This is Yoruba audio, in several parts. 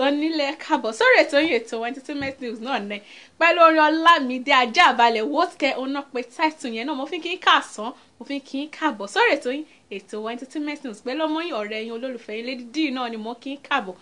ọ̀tọ̀ nílẹ̀ kábọ̀ sórí ètò yìí ètò entertainment news náà nẹ pẹ̀lú orin ọlámídé ajá àbálẹ̀ wọ́tẹ̀ ọ̀nà táìtù yẹn náà mo fi kí n kà sán mo fi kí n kàbọ̀ sórí ètò yìí ètò entertainment news pẹ̀lú ọmọ yìí ọ̀rẹ́ yín olólùfẹ́ yín Lady Dee náà ni mo kí n kàbọ̀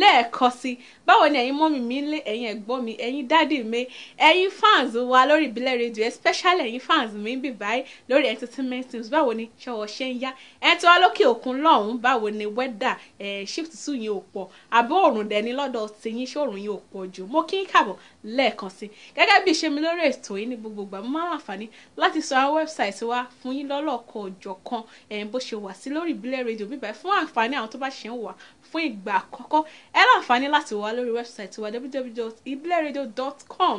lẹ́ẹ̀kan sí báwo ni ẹ̀yin mọ́mì mi lé ẹ̀yin ẹ̀gbọ́n mi ẹ̀yin dádì mi ẹ̀yin fans wa lórí ìbílẹ̀ rédíò especially ẹ̀yin fans mi ń bì báyìí lórí entertainment news báwo ni ṣọwọ́ ṣe ń yá ẹ̀ tí wọ́n lókè òkun lọ́hùn-ún báwo ni wẹ́dà ẹ̀ shift sùn yín ò pọ̀ àbó òrùn dẹ̀ ní lọ́dọ̀ tìyín ṣé òrùn yín ò pọ̀ jù mo kí ń kàbọ̀ lẹ́ẹ̀kan sí gẹ́gẹ́ bí ṣe mi lórí ètò yìí ní gbogbo ìgbà mo máa ń àǹfààní láti sọ àwọn wẹ́bsáìtì wa fún yín lọ́lọ́kọ̀ọ́jọ̀kan ẹ̀ bó ṣe wà sí lórí ìbílẹ̀ rédíò bíbáyìí fún àǹfààní àwọn tó bá ṣe ń wà fún ìgbà àkọ́kọ́ ẹ láǹfààní láti wà lórí wẹ́bsáìtì wa www.ibileradio.com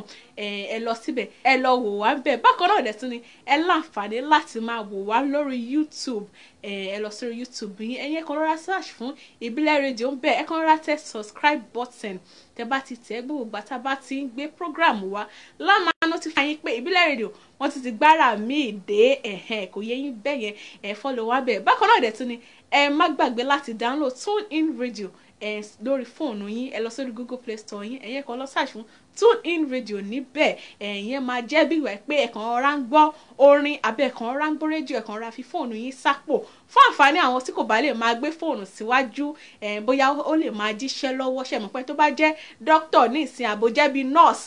ẹ lọ síbẹ̀ ẹ lọ wò wá bẹ́ẹ̀ bákan náà dẹ̀ tún ni ẹ láǹfààní láti máa wò wá lórí YouTube ẹ lọ sórí YouTube yín ẹ̀yin ẹ kàn rọra search fún ìbílẹ̀ rédíò ń bẹ̀ ẹ kàn tẹ subscribe button tẹ bá ti tẹ gbogbo ìgbà tá a bá ti ń gbé program wa láàmà notify yín pé ìbílẹ̀ rédíò wọ́n ti ti gbára míì dé ẹ̀hẹ́n kò yẹ yín bẹ́ẹ̀ yẹn ẹ follow wá bẹ́ẹ̀ bákan náà dẹ̀ tún ni ẹ má gbàgbé láti download tune in radio ẹ lórí fóònù yín ẹ lọ sórí google play store yín ẹ̀yẹ́ kan lọ search fún tune in radio níbẹ̀ ẹ̀yẹ́ máa jẹ́ bí ìwà pé ẹ̀kan ọ̀rá ń gbọ́ orin abẹ́ ẹ̀kan ọ̀rá ń gbọ́ rédíò ẹ̀kan ọ̀rá fi fóònù yín sápò fún àǹfààní àwọn tí kò bá lè máa gbé fóònù síwájú bóyá ó lè máa jíṣẹ́ lọ́wọ́ ṣe mọ̀ pé tó bá jẹ́ dókítà ní ìsìn àbójẹ́bí nọ́ọ̀sì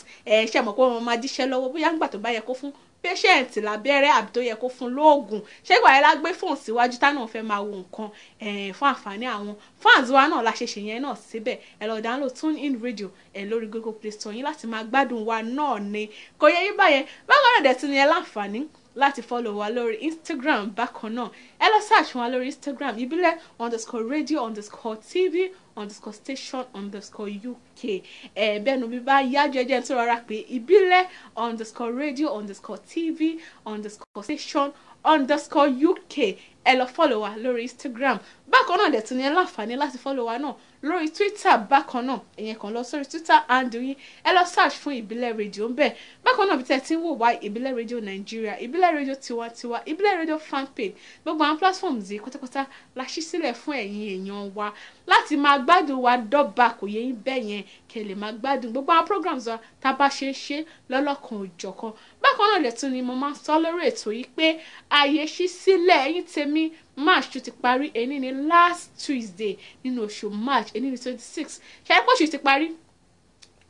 ṣe mọ̀ máa jíṣẹ́ lọ́wọ́ bóyá ńgbà tó bá yẹ kó fún patient lábẹ́rẹ́ àbí tó yẹ kó fún lóògùn ṣé ìgbà yẹn la gbé fóònù síwájú táwọn náà fẹ́ máa wo nǹkan eh, fún àǹfààní àwọn fans wa náà la ṣe ṣe yẹn náà síbẹ̀ ẹ lọ download tune in radio ẹ lórí google play store yín láti máa gbádùn wa náà ni kò yẹ yín báyẹn bákan náà tún ni ẹ láǹfààní láti follow wa lórí instagram bákan náà ẹ lọ search wa lórí instagram ìbílẹ̀ underscore radio underscore tv underscore station underscore uk ẹ eh, bẹ́ẹ̀ nu bí bá yá jẹjẹ tó rárá pé ìbílẹ̀ underscore radio underscore tv underscore station underscore uk ẹ lọ fọ́lọ̀ wa lórí instagram bákan náà dẹ̀tún ni ẹ láǹfààní láti fọ́lọ̀ wa náà lórí twitter bákan náà èyàn kan lọ sórí twitter handle yín ẹ lọ search fún ìbílẹ̀ rédíò ń bẹ̀ bákan náà bí tẹ́ ti ń wò wá ìbílẹ̀ rédíò nàìjíríà ìbílẹ̀ rédíò tiwantiwa ìbílẹ̀ rédíò fanpage gbogbo àwọn platforms yìí pátápátá la ṣí sílẹ̀ fún ẹ̀yin èèyàn wa láti máa gbádùn wa dọ́ba kò yẹ yín bẹ́ẹ̀ yẹn kẹ́ lè máa gbádùn gbogbo àwọn programs wa tá a bá ṣe é ṣe lọ́lọ́kan òjọ̀kan bákan náà dẹ̀tún ni mo máa sọ lórí ètò yìí pé àyè ṣí sílẹ̀ ẹ̀yin tèmi march tó ti parí ẹni ní last tuesday nínú oṣù march ẹni ní twenty six ṣe é pé oṣù ti parí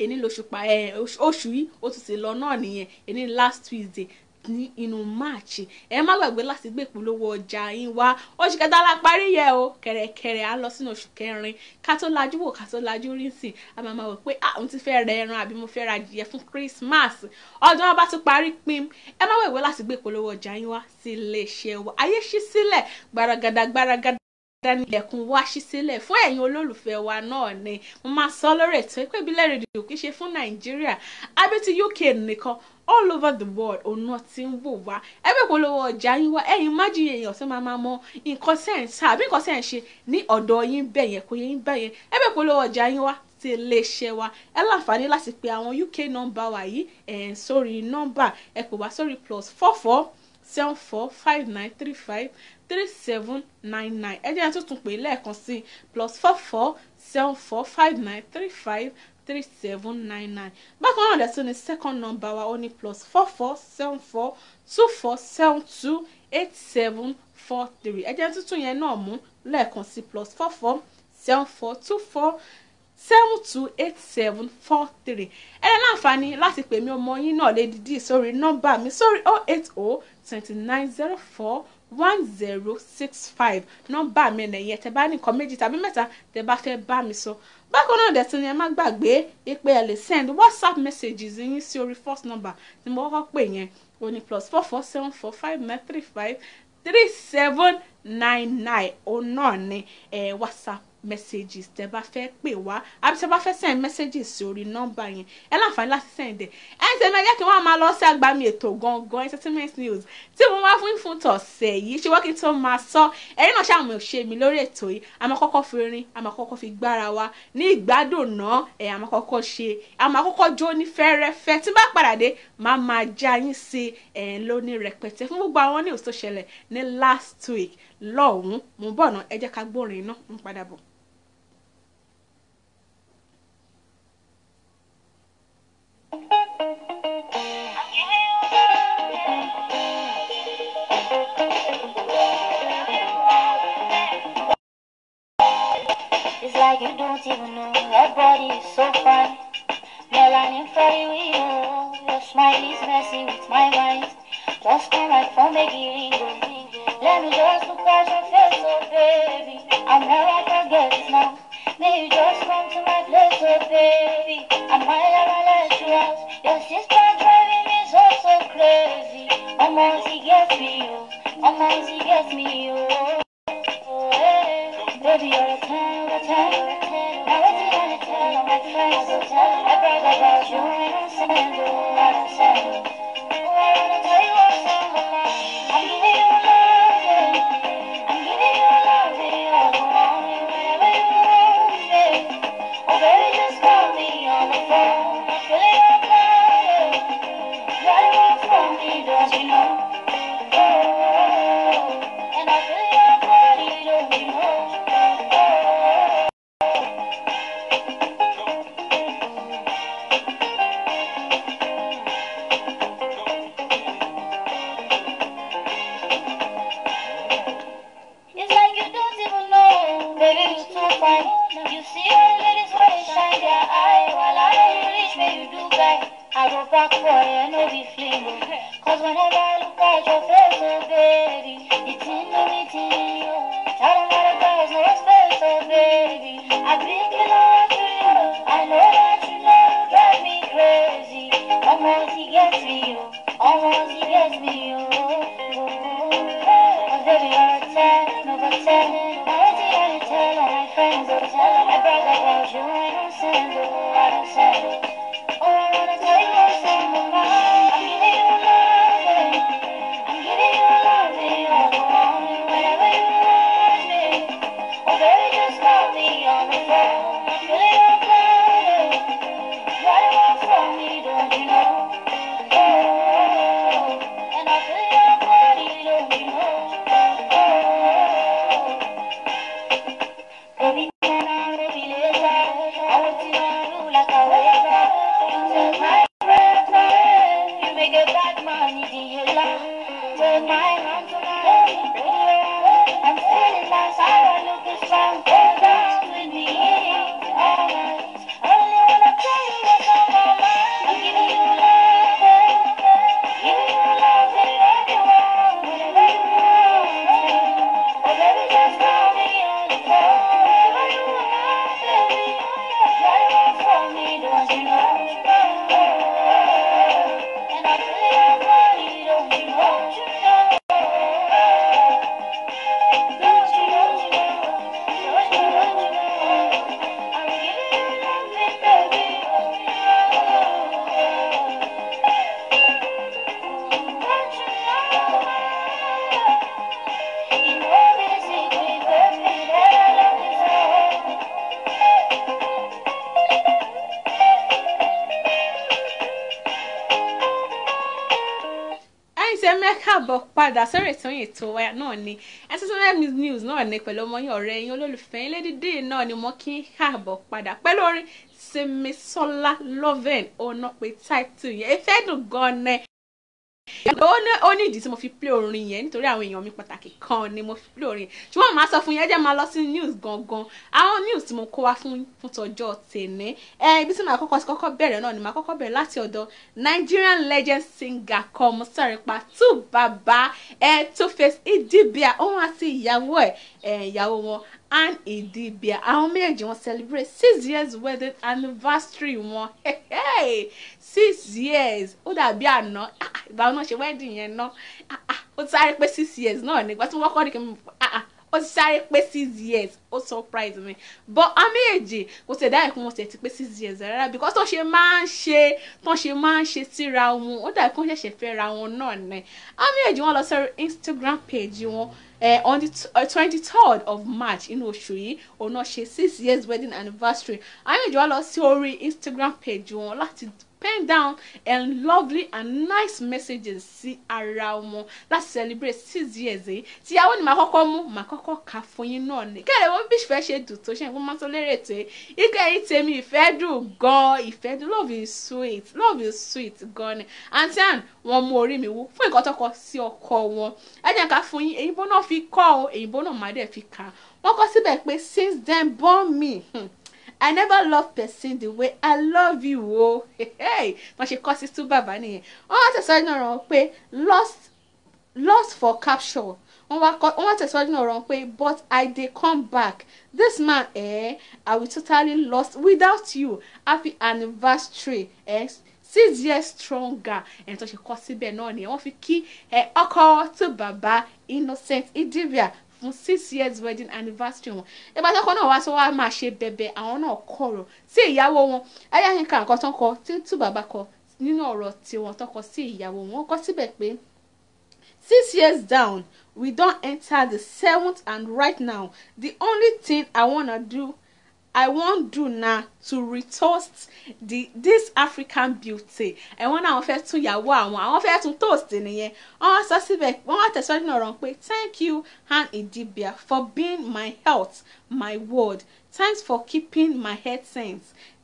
èní lóṣù pa ẹ oṣù yìí ó tún ti lọ náà nìyẹn èní last tuesday ní inú march ẹ má gbàgbé láti gbé ìpolówó ọjà yín wá oṣù kẹta la parí yẹ o kẹrẹkẹrẹ á lọ sínú oṣù kẹrin ká tó lajú wò ká tó lajú rí sí a máa máa wò pé ah òun ti fẹ́ rẹ ẹran àbí mo fẹ́ ra adìyẹ fún christmas ọdún wọn bá tún parí pin ẹ má gbàgbé láti gbé ìpolówó ọjà yín wá sí iléeṣẹ́ wa ayé ṣí sílẹ̀ gbaragada gbaragada dání ilẹ̀kùn wa ṣí sílẹ̀ fún ẹ̀yin olólùfẹ́ wa náà ni mo máa sọ lórí ètò ìpè ìbílẹ̀ rédíò kì ṣe fún nàìjíríà àbí ti uk nìkan all over the world ọ̀nà tí ń wò wá ẹgbẹ́ polówó ọjà yín wá ẹ̀yin má jìyẹ èèyàn tó máa máa mọ nǹkan tẹ̀ ń ta àbí nǹkan tẹ̀ ń ṣe ní ọ̀dọ̀ yín bẹ̀ yẹn kò yẹ bẹ̀ yẹn ẹgbẹ́ polówó ọjà yín wá ti iléeṣẹ́ wa ẹ láǹfààní láti pe àwọn uk nọ́mbà wa yìí ẹ̀ sórí nọ́mbà ẹ pè wá sórí plus four seven four five nine three five three seven nine nine ẹ jẹ́ ẹ tuntun pé lẹ́ẹ̀kan sí i plus four four seven four five nine three five three seven nine nine bákan náà lẹ́sìn ní second number wa ó ní plus four four seven four two four seven two eight seven four three ẹ jẹ́ tuntun yẹn náà mú lẹ́ẹ̀kan sí plus four four seven four two four seven two eight seven four three ẹ ní láǹfààní láti pè mí ọmọ yín náà lédìdí sórí nọ́mbà mi sórí oh eight oh twenty nine zero four one zero six five nọ́mbà mi nìyẹn tẹ́ bá ní nǹkan méjì tàbí mẹ́ta tẹ́ bá fẹ́ bá mi sọ bákan náà dẹ̀tún ni ẹ má gbàgbé ìpè ẹ lè send whatsapp messages yín sí orí first number tí mo kọ́kọ́ pè yẹn o ní plus four four seven four five nine three five three seven nine nine òun náà ni ẹ whatsapp messages tẹ́ bá fẹ́ pè wá àbí tẹ́ bá fẹ́ send messages sí orí nọ́mbà yẹn ẹ láǹfààní láti send ẹ̀ ẹ̀ ń ṣe mẹ́jẹ́ kí wọ́n máa lọ sí agbami ètò gangan entertainment news tí mo máa fún fún tọ̀sẹ̀ yìí ṣé wọ́n kí n tó máa sọ ẹ̀yin náà ṣàmù ṣe mi lórí ètò yìí a máa kọ́kọ́ fi rin a kọ́kọ́ fi gbára wa ní ìgbádùn náà ẹ̀ a máa kọ́kọ́ ṣe a máa kọ́kọ́ jó ní fẹ́rẹ́fẹ́ tí bá padà dé máa máa já yín sí ẹ̀ ń lóní rẹpẹtẹ fún gbogbo àwọn news tó ní last week lọ́hùn-ún mo bọ̀ náà ẹ jẹ́ ká gbórin iná ń padà bọ̀. like you don't even know. That body is so fine. Melanin fairy are. Your smile is messy with my wine. Just come right for a ringo. Let me just look at your face, oh baby. I'll never forget it now. May you just come to my place, oh baby. I might never let you out. Your sister driving me so, so crazy. I'm Almost he gets me, oh. Almost he gets me, oh. What do you to tell, you wanna tell my friends? ètò wa náà ni entertainment news náà ni pẹ̀lú ọmọ yín ọ̀rẹ́ yín olólùfẹ́ yín Ladydee náà ni mo kí káàbọ̀ padà pẹ̀lú orin Simisola Loven ọ̀nà pé title yẹn ìfẹ́ dùn gan-an ó ní ìdí tí mo fi play orin yẹn nítorí àwọn èèyàn mi pàtàkì kan ni mo fi lórin ṣùgbọ́n màá sọ fún yín ẹ jẹ́ máa lọ sí news gangan àwọn news tí mo kó wá fún fún tọjọ́ tèmi ẹ ibi tí màá kọ́kọ́ kọ́kọ́ bẹ̀rẹ̀ náà ni màá kọ́kọ́ bẹ̀rẹ̀ láti ọ̀dọ̀ Nigerian legend singer kan Mustaripa Two-Baba ẹ Two-Face Idibia òun àti ìyàwó ẹ ìyàwó wọn and Idibia àwọn méjèèjì wọn celebrate six years wedding anniversary wọn hey, six years ó dàbí àná ah, ìbáwọn náà ṣe wedding yẹn náà. Ah, ah, ó ti sáré pé six years náà nígbà tí wọ́n kọ́ ní kí n ah, ah, ó ti sáré pé six years ó surprise me but àwọn méjèèjì kò tẹ̀ dáhùn kí wọ́n tẹ̀ ti pé six years rárá because tó ṣe máa ń ṣe tó ṣe máa ń ṣe síra wọn ó dàbí kí wọ́n ṣẹ̀ṣẹ̀ fẹ́ ra wọn náà ní àwọn méjèèjì wọn lọ sórí Instagram page wọn uh, on the eh, twenty-third of March inú oṣù yìí òun náà ṣe six years wedding anniversary àwọn méjèèjì wọn lọ sí orí Instagram page wọn láti pen down and lovely and nice messages sí ara wọn láti celebrate six years èyí eh? tíyàwó ni màá kọ́kọ́ mú màá kọ́kọ́ kà fún yín náà ni kẹ́lẹ́ wọ́n bí ìfẹ́ ṣe dùn tó ṣe ń fún máa tó lérè tó ike yìí tèmi ìfẹ́ dùn gan-an ìfẹ́ dùn love is sweet love is sweet gan-an ni aunty ann wọ́n mú orí mi wú fún nǹkan tọkọ sí ọkọ wọn ẹ jẹ́ ká fún yín èyìnbó náà fi kọ́ ọ èyìnbó náà má dẹ̀ fi kà wọ́n kọ́ síbẹ̀ pé since then born me. Hmm i never love person the way i love you o wọ́n ṣe kọ́ sí tú bàbá nìyẹn wọ́n wá tẹ̀síwájú náà rán pé lost lost for capture wọ́n wá tẹ̀síwájú náà rán pé but i dey come back this man eh, i will totally lost without you happy anniversary eh, six years stronger ẹni tó ṣe kọ́ síbẹ̀ náà nìyẹn wọ́n fi kí eh, ọkọ tó bàbá innocent idibia fún six years wedding anniversary wọn ìgbà tó kọ náà wá sọ wá máa ṣe bẹ̀bẹ̀ àwọn náà kọ̀rọ̀ sí ìyàwó wọn ẹyà kí n ka nǹkan tó ń kọ tí tú bàbá kọ nínú ọ̀rọ̀ tiwọn tó kọ sí ìyàwó wọn kọ síbẹ̀ pé six years down we don enter the seventh and right now the only thing i wanna do I wan do na to retoast the this African beauty ẹ̀wọ̀n náà wọ́n fẹ́ tún ìyàwó àwọn àwọn fẹ́ tún toast nìyẹn wọ́n sọ síbẹ̀ wọ́n wá tẹ̀síwájú náà rán pé thank you Han Idibia for being my health my world thanks for keeping my head sane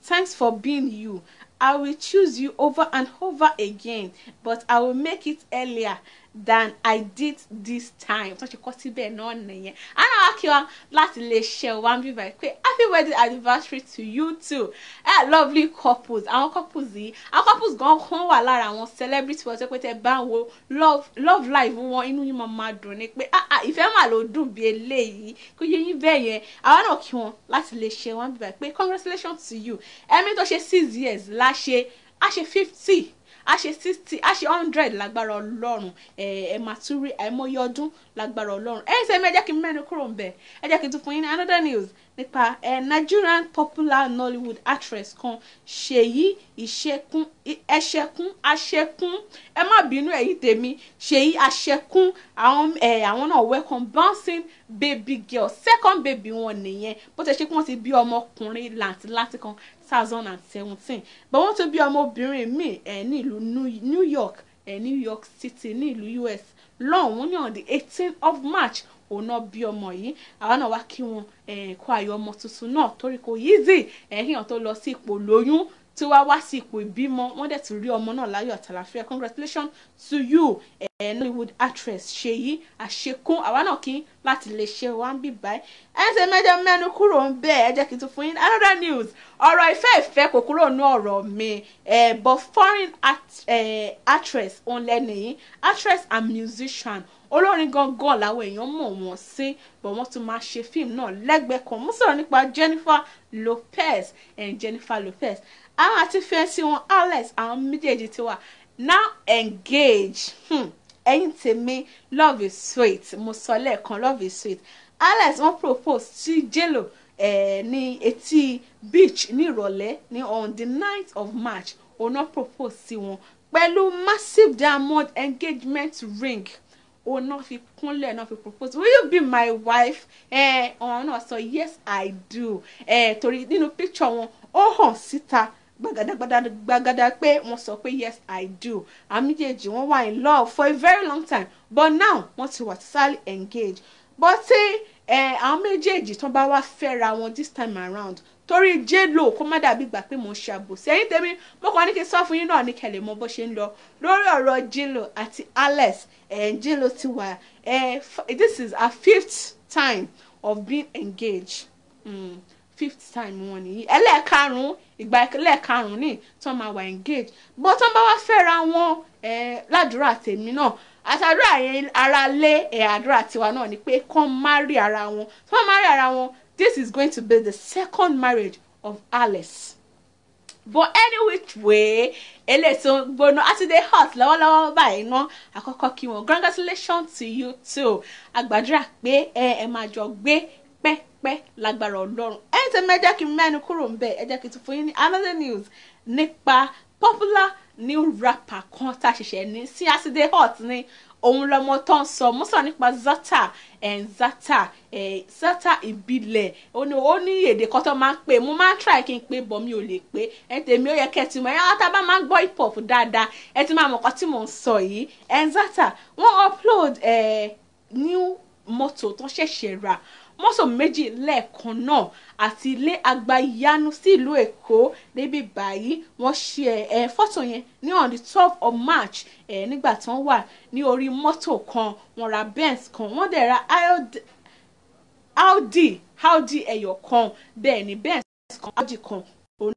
thanks for being you I will choose you over and over again but I will make it earlier than I did this time tó ṣe kọ́ síbẹ̀ náà nìyẹn anna akíwa láti lè ṣe one bí báyìí pé happy wedding anniversary to you too eh, lovely couples àwọn couples yìí àwọn couples gan kan wà lára àwọn celebrity wọ́n ṣe pé tẹ́ bá wo love love life wọn inú yín máa máa dùn ni pé ah ah ìfẹ́ mà ló dùn bí eléyìí kó yé yín bẹ́ẹ̀ yẹn àwọn náà kí wọn láti lè ṣe one bí báyìí pé congratulations to you ẹ̀mí tó ṣe six years láṣẹ àṣẹ fifty a ṣe sixty a ṣe hundred lágbára ọlọ́run ẹ ẹ máa tún rí àìmọye ọdún lágbára ọlọ́run ẹ ṣe mi ẹ jẹ́ kí n mẹ́nu kúrò ń ẹ jẹ́ kí n tún fún yín ní another news nípa ẹ Nigerian popular Nollywood actress kan Ṣèyí Ìṣẹ̀kún ẹṣẹkún aṣẹkún ẹ má bínú èyí tèmi Ṣèyí aṣẹkún àwọn ẹ àwọn náà welcome bouncing baby girl second baby wọn nìyẹn bó ti ṣe kí wọ́n ti bí ọmọkùnrin làǹtìlanti kan thousand and seventeen but wọ́n tún bí ọmọbìnrin míì ẹ̀ ní ìlú New York ẹ̀ New York City ní ìlú US lọ́hùn-ún ní on the eighteen of March òun náà bí ọmọ yìí àwa náà wá kí wọn kó ayọ̀ ọmọ tuntun náà torí kò yíìzì ẹ̀yìn tó lọ sí ipò lóyún tí wá wá sí ipò ìbímọ wọ́n dẹ̀ ti rí ọmọ náà láyọ̀ àtàlàfíà congratulations to you eh, Nollywood actress Ṣèyí Àṣekún àwa náà kí láti lè ṣe wá ń bì báyìí ẹ ṣe mẹ́jọ mẹ́nu kúrò ń bẹ̀ ẹ jẹ́ kí n tún fún yín another news ọ̀rọ̀ ìfẹ́ ìfẹ́ kò kúrò ní ọ̀rọ̀ mi eh, but foreign act, eh, actress òun lẹ́nu yìí actress and musician olórin gangan làwọn èèyàn mọ̀ wọ́n sí bọ̀ wọ́n tún máa ṣe fíìmù náà lẹ́gbẹ̀ẹ́ kan mo sọ̀rọ̀ nípa Jennifer Lopez and eh, Jennifer Lopez àwọn ah, àti fẹ́ǹsì wọn alex àwọn méjèèjì ti wà now engage hmm. ẹ̀yin hmm. tèmi love is sweet mo sọ lẹ́ẹ̀kan love is sweet alex wọn propose sí Jello. eh, ní etí beach ní ìrọ̀lẹ́ ní on the night of march òun náà propose sí wọn pẹ̀lú massive diamond engagement ring òun náà fi kúnlẹ̀ náà fi propose will you be my wife eh, ọ̀hún náà sọ yes i do eh, torí nínú picture wọn ó hàn síta gbàgàdàgbàgàdà pé wọ́n sọ pé yes i do àwọn méjèèjì wọ́n wà in love for a very long time but now wọ́n ti wà totally engaged but tí àwọn méjèèjì tó bá wá fẹ́ra wọn this time around torí jélò kó má dàbí gbà pé mò ń ṣàbòsí ẹ̀yin tèmi mo kàn ní kí n sọ fún yín náà ní kẹlẹ mọ bó ṣe ń lọ lórí ọ̀rọ̀ jélò àti alex jélò ti wà this is her fifth time of being engaged. Mm fifth time wọn nìyí ẹlẹ́ẹ̀karùn-ún ìgbà ẹlẹ́ẹ̀karùn-ún ní tó máa wà engage bó tó bá wá fẹ́ra wọn ládùúrà tèmi náà àtàdúrà yẹn ara lé ẹ̀ àdúrà tiwa náà ni pé kán má rí ara wọn tó má rí ara wọn this is going to be the second marriage of Alice but any which way eléyìí tó ń gbóná àtúndé hot lọ́wọ́lọ́wọ́ báyìí ná àkọ́kọ́ kí wọn congratulations to you too àgbàdúrà pé ẹ ẹ máa jọ gbé pẹ́pẹ́ lágbára ọlọ́run lẹ́yìn tẹ́mi ẹ jẹ́ kí n mẹ́nu kúrò ń bẹ̀ ẹ jẹ́ kí n yín ní another news nípa popular new rapper kan tá a ṣẹ̀ṣẹ̀ ní sí aside hot ní òun lọmọ tó ń sọ mo sọ nípa zata eh, zata eh, zata ìbílẹ̀ ó ní èdè kan tó máa ń pè mo máa ń try kí n pè bọ̀ mi ò lè pè ẹ tèmi ó yẹ kẹ́ ẹ ti mọ̀ ẹ ọ́n tá bá máa ń gbọ́ hip hop dáadáa ẹ ti máa mọ̀ kan tí mò ń sọ yìí eh, zata wọ́n upload new mọ́tò tó ṣẹ̀ṣẹ̀ rà mọ́tò méjì lẹ́ẹ̀kan náà àti ilé agbayanu sí ìlú èkó débi báyìí wọ́n ṣe ẹ fọ́tò yẹn ní on the twelve of march ẹ nígbà tí wọ́n wà ní orí mọ́tò kan wọ́n ra benz kan wọ́n dẹ̀ ra audi audi ẹyọ kan bẹ́ẹ̀ ni benz kan audi kan òun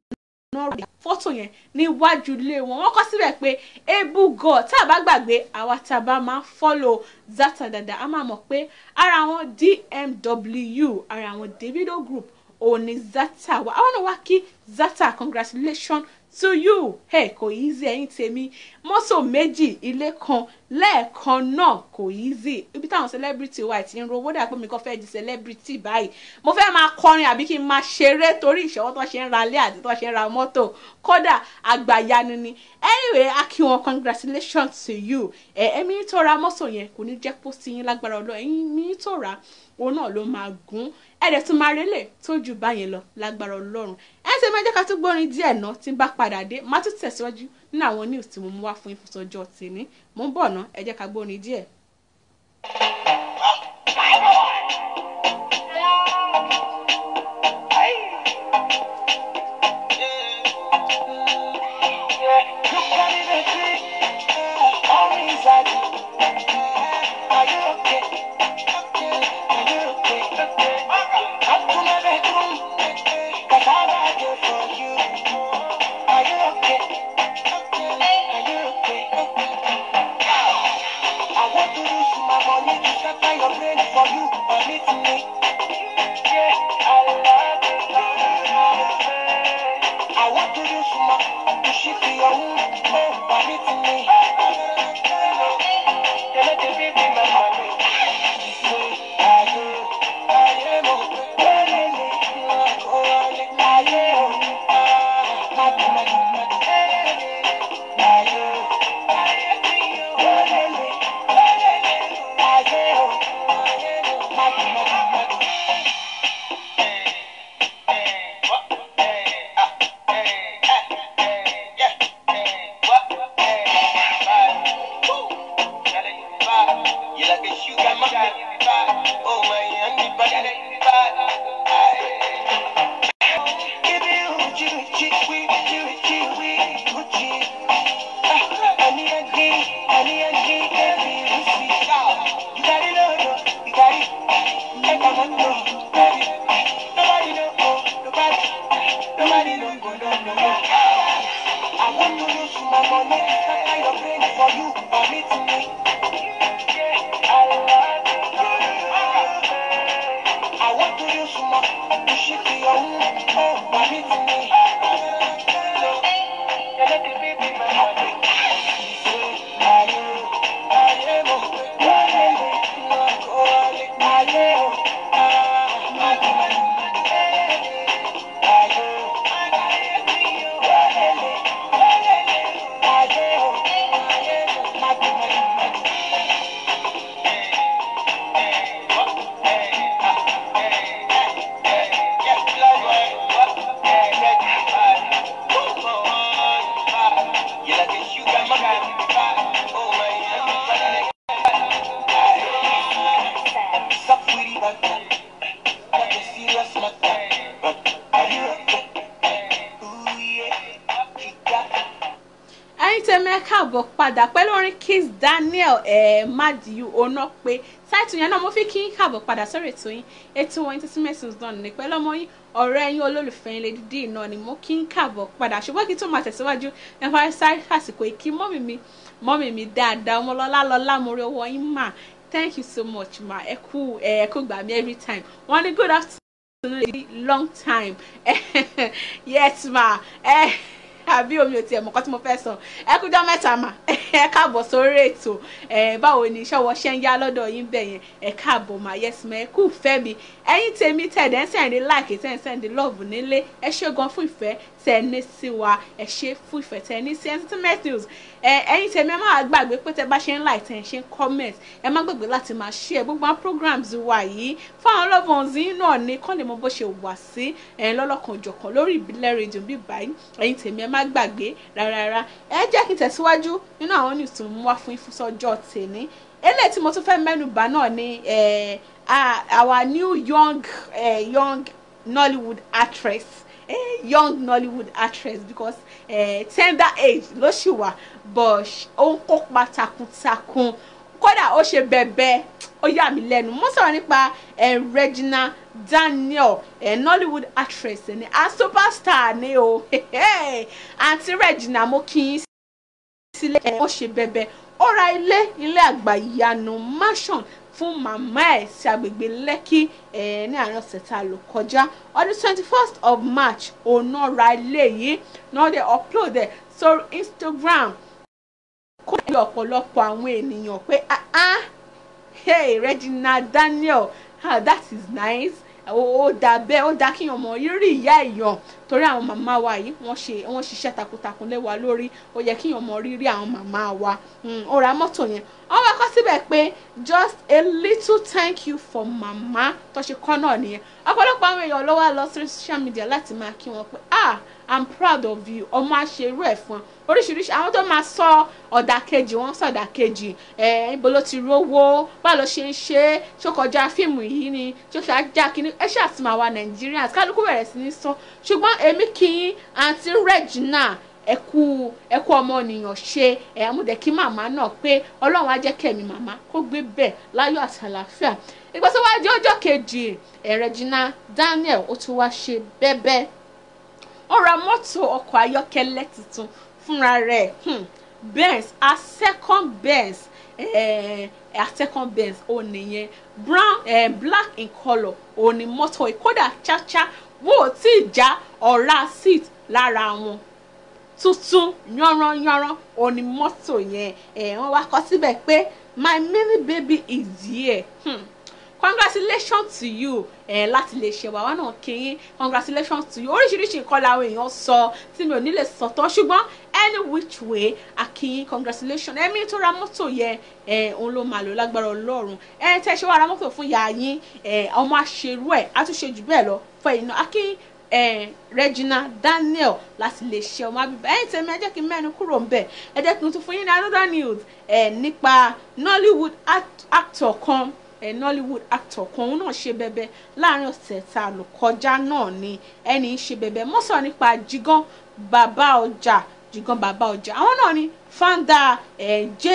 náà rògbòdìyàn fọ́tò yẹn níwájú ilé wọn wọ́n kọ́ síbẹ̀ pé ebu god tá a bá gbàgbé àwa tá a bá máa fọ́lò zata dada a máa mọ̀ pé ara wọn dmw ara wọn davido group òní zata wa àwọn náà wá kí zata congratulation to you ẹ kò easy ẹ̀yin tèmi mọ́tò méjì ilé kan lẹ́ẹ̀kan náà kò easy ibi táwọn celebrity wa ti ń rówó dà pé mi kò fẹ́ di celebrity báyìí mo fẹ́ máa kọrin àbí kí n máa ṣeré torí ìṣòwò tó ṣe ń ra ilé àti tó ṣe ń ra mọ́tò kódà àgbàyanu ni anyway a kí wọn congratulations to you ẹ ẹ̀mí tó ra mọ́tò yẹn kò ní jẹ́ pósí yín lágbára ọlọ́ ẹ̀yin mi tó ra òun náà ló máa gùn ẹ̀rẹ̀ tún máa relé tó ju báyẹn lọ lágbára ọlọ́run ẹ̀ ṣe máa jẹ́ ká tún gbọ́rin díẹ̀ náà tí bá padà dé má tún tẹ̀síwájú àwọn news tí mo mú wá fún tèmi mo ń bọ̀ ná díẹ̀. Give it to me. Kiss Daniel eh, Madiu Onokpe ṣáìtù yẹn náà mo fi kí n kàbọ̀ padà sórí ètò yín ètò wọn entertainment is done ní pẹ́lú ọmọ yín ọ̀rẹ́ yín olólùfẹ́ yín Lady Dee náà ni mo kí n kàbọ̀ padà ṣùgbọ́n kí n tó máa tẹ̀síwájú ẹ̀fọ́ sáré àsìkò ìkí mọ́mì mi mọ́mì mi dáadáa ọmọlọ́lá lọ́lá mo rí ọwọ́ yín mà thank you so much ma ẹ kú ẹ kú gbà mí every time wọ́n ní good afternoon long time yes ma. Eh àbí omi ò tiẹ̀ mọ̀ nǹkan tí mo fẹ́ sọ ẹ kú dán mẹ́ta mà ẹ káàbọ̀ sórí ètò báwo ni iṣẹ́ wọ ṣe ń yá lọ́dọ̀ yín bẹ̀ yẹn ẹ káàbọ̀ mà yẹ́sì mẹ́ ẹ kú fẹ́ mi ẹ̀yin tèmi tẹ̀dẹ̀ ń sẹ́ndí láìkì tẹ̀ ń sẹ́ndí lọ́ọ̀bù nílé ẹ ṣé gan fún ìfẹ́ tẹ̀ ní sí wa ẹ ṣé fún ìfẹ́ tẹ̀ ní sí entertainment news ẹ̀yin tèmi ẹ má gbàgbé pé tẹ bá ṣe ń like tẹ̀ ń ṣe ń comment ẹ má gbàgbé láti máa share gbogbo àwọn programs wa yìí fáwọn lovers yín náà ni kọ́ lè mọ bó ṣe wà sí ẹ̀yin lọ́lọ́kanòjọ̀kan lórí ìbílẹ̀ rédíò bí báyìí ẹ̀yin tèmi ẹ má gbàgbé rárá ẹ jẹ́ kí n tẹ̀síwájú nínú àwọn news tó ń wá fún ìfúsọ́jọ́ tèmi eléyìí tí mo tún fẹ́ mẹ́nu bà náà ni Ah, our new young uh, young Nollywood actress eh, young Nollywood actress because eh, tender age ló ṣì wà but ó ń kópa takuntakun kódà ó ṣe bẹ̀bẹ̀ ó yà mí lẹ́nu mo sọ̀rọ̀ nípa eh, Regina Daniel eh, Nollywood actress ni a superstar ni o àǹtí Regina mo kì í sílẹ̀ ó ṣe bẹ̀bẹ̀ ó ra ilé ilé àgbà ìyanu mansion fún màmá ẹ̀ sí agbègbè lẹ́kì eh, ní àárín ọ̀sẹ̀ tá a lò kọjá ọdún twenty first of march òun náà ra ilé yìí náà dẹ̀ upload ẹ̀ sórí instagram kó lè ọ̀pọ̀lọpọ̀ àwọn ènìyàn pé ah ah hey Regina Daniel ah that is nice ó dà bẹ́ẹ̀ ó dà kíyàn mọ̀ rírì ìyá èèyàn torí àwọn màmá wa yìí wọ́n ṣe wọ́n ṣiṣẹ́ takuntakun lé lórí ó yẹ kíyàn mọ̀ rírì àwọn màmá wa hmm, ó ra mọ́tò yẹn wọ́n wá kọ́ síbẹ̀ pé just a little thank you for mama tó ṣe kọ́ náà nìyẹn ọ̀pọ̀lọpọ̀ àwọn èèyàn ló wá lọ sí social media láti máa kí wọn pé ah i'm proud of you ọmọ àṣerú ẹ̀ fún ọ oríṣiríṣi àwọn tó máa sọ ọ̀dà kejì wọ́n sọ ọ̀dà kejì ẹ̀ ibo ló ti rówó báwo ló ṣe ń ṣe é ṣó kọjá fíìmù yìí ni ṣó ṣe ajá kínní ẹ ṣàtìmọ̀ àwa Nigerians kálukú bẹ̀rẹ̀ sí ní sọ ṣùgbọ́n èmi kì í àǹtí Regina ẹkú ẹkú ọmọnìyàn ṣe ẹ amúdẹkí màmá náà pé Ọlọ́run á jẹ́ kẹ̀mí màmá kó gbé bẹ́ẹ̀ láyọ̀ àti àlàáfíà ìgbàsíwájú ọjọ́ kejì ẹ̀ Regina Daniel ó tún wá ṣe bẹ́ẹ̀ bẹ́ẹ̀ ó ra mọ́tò ọkọ̀ ayọ́kẹ́lẹ́ tuntun fúnra rẹ̀ hmm, Benz a second Benz eh, a second Benz ó nìyẹn brown eh, black in colour ó ní mọ́tò ìkódà chacha wo tí ìjà ọ̀rá seat lára wọn tuntun yánranyánran ó ní mọ́tò yẹn ẹ̀ eh, wọ́n wá kọ síbẹ̀ pé my mini baby is here. Hmm congratulations to you ẹ eh, láti lè ṣe wàá náà kéyìn congratulations to you oríṣiríṣi nǹkan làwọn èèyàn sọ tí mi ò ní lè sọ tán ṣùgbọ́n any which way akin congratulations ẹ̀mí tó ra mọ́tò yẹn ẹ̀ eh, òun ló máa lò lágbára ọlọ́run ẹ̀ eh, tẹ́ ṣe wàá ra mọ́tò fún yàá yín ẹ̀ ọmọ àṣerú ẹ̀ á tún ṣe jù bẹ́ẹ̀ lọ fún ẹ̀yìn náà akin Eh, Regina Daniel láti lè ṣe ọmọ abíbá ẹ̀yin tèmi ẹ jẹ́ kí n mẹ́nu kúrò ńbẹ̀ ẹ jẹ́ kí n tún fún yín ní another news nípa Nollywood actor kan eh, Nollywood actor kan òun náà ṣe bẹbẹ láàrin ọ̀sẹ̀ tá a lò kọjá náà ni ẹni ṣe bẹbẹ mo sọ nípa Jigan bàbá ọjà Jigan bàbá ọjà àwọn náà ni founder eh, j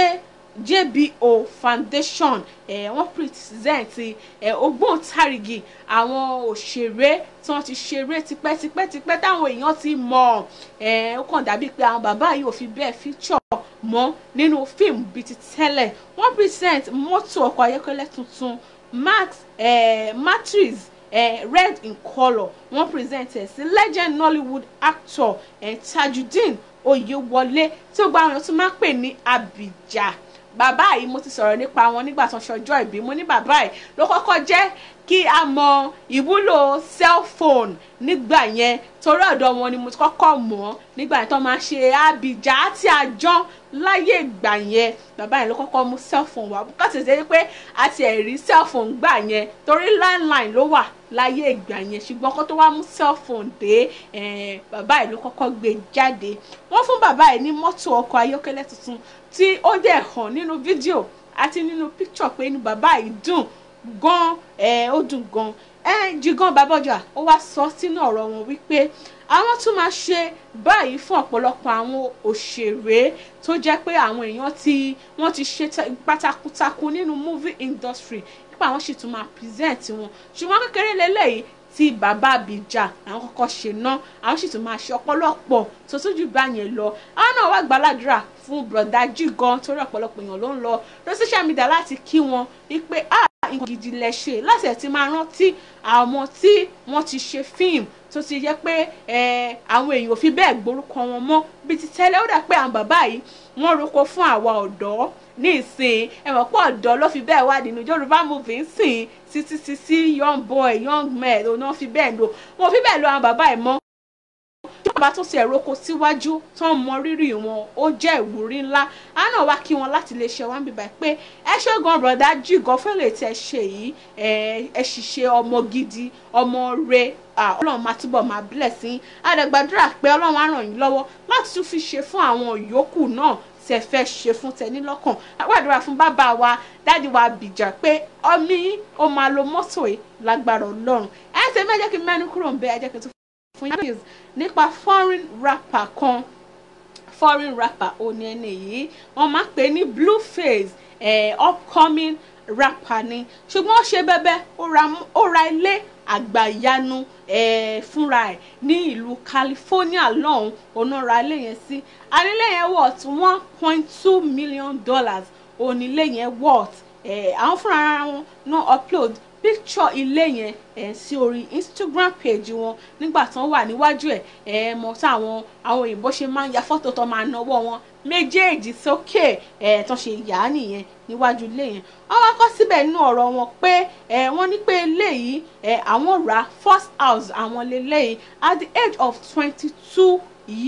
jbo foundation ẹ eh, wọ́n present ẹ ògbóǹtarìgì àwọn òṣèré tí wọ́n ti ṣeré tipẹ́tipẹ́tipẹ́ táwọn èèyàn ti mọ̀ ẹ ó kàn dàbí pé àwọn bàbá yìí ò fi bẹ́ẹ̀ feature mọ́ nínú fíìmù bíi ti tẹ́lẹ̀ wọ́n present mọ́tò ọkọ̀ ayọ́kẹ́lẹ́ tuntun max eh, matrix eh, red in colour wọ́n present ẹ sí legend nollywood actor eh, tajudeen oyewole tí ó gba àwọn tó máa ń pè ní abija bàbá yìí mo ti sọ̀rọ̀ nípa wọn nígbà tó ṣọjọ́ ìbí mo ní bàbá yìí ló kọ́kọ́ jẹ́ kí a mọ ìwúlò cellphone nígbà yẹn torí ọ̀dọ̀ wọn ni mo ti kọ́kọ́ mọ̀ ọ́ nígbà yẹn tó máa ṣe àbíjà àti àjọ láyé ìgbà yẹn bàbá yẹn ló kọ́kọ́ mú cellphone wá bó kọ́sì ṣe pé a ti ẹ̀rí cellphone gbà yẹn torí landline ló wà láyé ìgbà yẹn ṣùgbọ́n kó tó wá mú cellphone dé bàbá yẹn ló kọ́kọ́ gbé e jáde wọ́n fún bàbá yẹn ní mọ́tò ọkọ̀ ayọ́kẹ́lẹ́ tuntun tí ó dẹ̀ hàn nínú fídíò àti nínú píkṣọ̀ pé inú bàbá yìí dùn gan ẹ ó dùn gan ẹ Jigan Babọ́jà ó wá sọ sínú ọ̀rọ̀ wọn wípé àwọn tún máa ṣe báyìí fún ọ̀pọ̀lọpọ̀ àwọn òṣèré tó jẹ́ pé àwọn èèyàn tí wọ́n ti ṣe pátákútákú nínú movie industry nípa àwọn sì tún máa present wọn ṣùgbọ́n kékeré lélẹ́yìí tí bàbá àbíjà àwọn kọ́kọ́ ṣe ná àwọn sì tún máa ṣe ọ̀pọ̀lọpọ̀ tó tún jù bá yẹn lọ àwọn náà wá gbàládùra fún bùrọ̀dá Jigan torí ọ̀pọ̀lọpọ̀ èèyàn ló ń lọ lórí social media láti kí wọn wípé ah, nǹkan gidi lẹ ṣe láti ẹ̀ ti máa rántí àwọn tí wọ́n ti ṣe fíìmù tó ti yẹ pé àwọn èèyàn ò fi gborúkọ wọn mọ́ bí ti tẹ́lẹ̀ ó dà pé àwọn bàbá yìí wọ́n roko fún àwa ọ̀dọ́ ní ìsìn ẹ̀wọ̀n pọ̀ ọ̀dọ́ ló fi bẹ́ẹ̀ wà nínú Yorùbá movie ń sìn títí títí young boy young man òun náà fi bẹ́ẹ̀ lò wọ́n fi bẹ́ẹ̀ lo àwọn bàbá ẹ̀ mọ́ tó bá tó ti ẹ̀rọ oko síwájú tó ń mọ rírì wọn ó jẹ́ ìwúrí ńlá á náà wá kí wọn láti lè ṣe wọn bíbá pé ẹ ṣe gan bọ̀dá jì gan fẹ́lẹ̀ tẹ ṣe yìí ẹ ṣìṣe ọmọ gidi ọmọ re ọlọ́run máa túbọ̀ máa bless yín àdẹ̀gbàdúrà pé ọlọ́run á ràn yín lọ́wọ́ láti tún fi ṣe fún àwọn yòókù náà tẹ fẹ́ ṣe fún tẹ ní lọ́kàn àwàdúrà fún bàbá wa dáàdi wa bìjà pé ọmí ó máa lo mọ́tò lágbára ọlọ́run ẹ ṣe mẹ́jẹ́ kí mẹ́nu kúrò ń bẹ ẹ jẹ́ kí n tún fún yín is nípa foreign rapper kan foreign rapper ò ní ẹni yìí wọ́n máa pè ní Blueface eh, upcoming rapper ni ṣùgbọ́n ó ṣe bẹ́bẹ́ ó ra ilé àgbàyanu eh, fúnra ẹ̀ ní ìlú California lọ́hùn ọ̀nà ra ilé yẹn sí anílé yẹn worth one point two million dollars onílé yẹn worth eh, àwọn fúnra ara wọn náà upload picture ilé yẹn ẹ̀ sí orí Instagram page wọn nígbà tán wà níwájú ẹ̀ ẹ̀ mọ̀ táwọn àwọn òyìnbó ṣe máa ń ya fọ́tò tó máa nawọ́ wọn méjèèjì sókè ẹ̀ tán ṣe yà á nìyẹn níwájú ilé yẹn wọ́n wá kọ́ síbẹ̀ nínú ọ̀rọ̀ wọn pé ẹ̀ wọ́n ní pé ilé yìí ẹ̀ àwọn rà first house àwọn lélẹ́yìn at the age of twenty two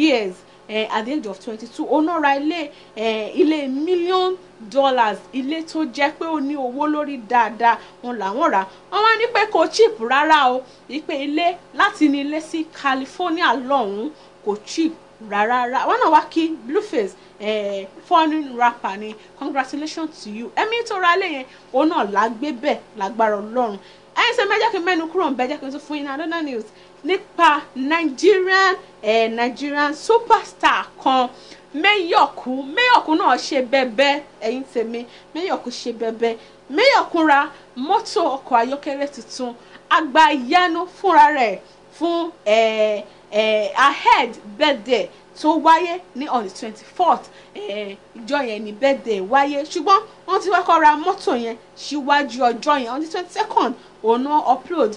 years Eh, at the age of twenty two ó náà ra ilé eh, ilé million dollars ilé tó jẹ́ pé ó ní owó lórí dáadáa wọn làwọn rà wọn wá ní pé kò cheap rárá o wípé ilé láti ní ilé sí California lọ́hùn-ún kò cheap rárá wọn náà wá kí Blueface eh, foreign rapper ni congratulations to you ẹ̀mí tó ra lé yẹn òun náà lágbé bẹ́ẹ̀ lágbára ọlọ́run ẹ̀yin sẹ́ mẹ́jọ́ kí mẹ́nu kúrò ń bẹ́jọ́ kí n tún fún yín ní another news nípa Nigerian eh, Nigerian superstar kan Mayorkun Mayorkun náà ṣe bẹbẹ ẹyin eh, tèmi Mayorkun ṣe bẹbẹ Mayorkun ra mọ́tò ọkọ̀ ayọ́kẹ́lẹ́ tuntun agbayanu fúnra rẹ̀ fún eh, eh, ahead birthday tó wáyé ní on the twenty fourth eh, ìjọ yẹn ní birthday wáyé ṣùgbọ́n wọ́n ti wá kọ́ ra mọ́tò yẹn síwájú ọjọ́ yẹn on the twenty second òun náà upload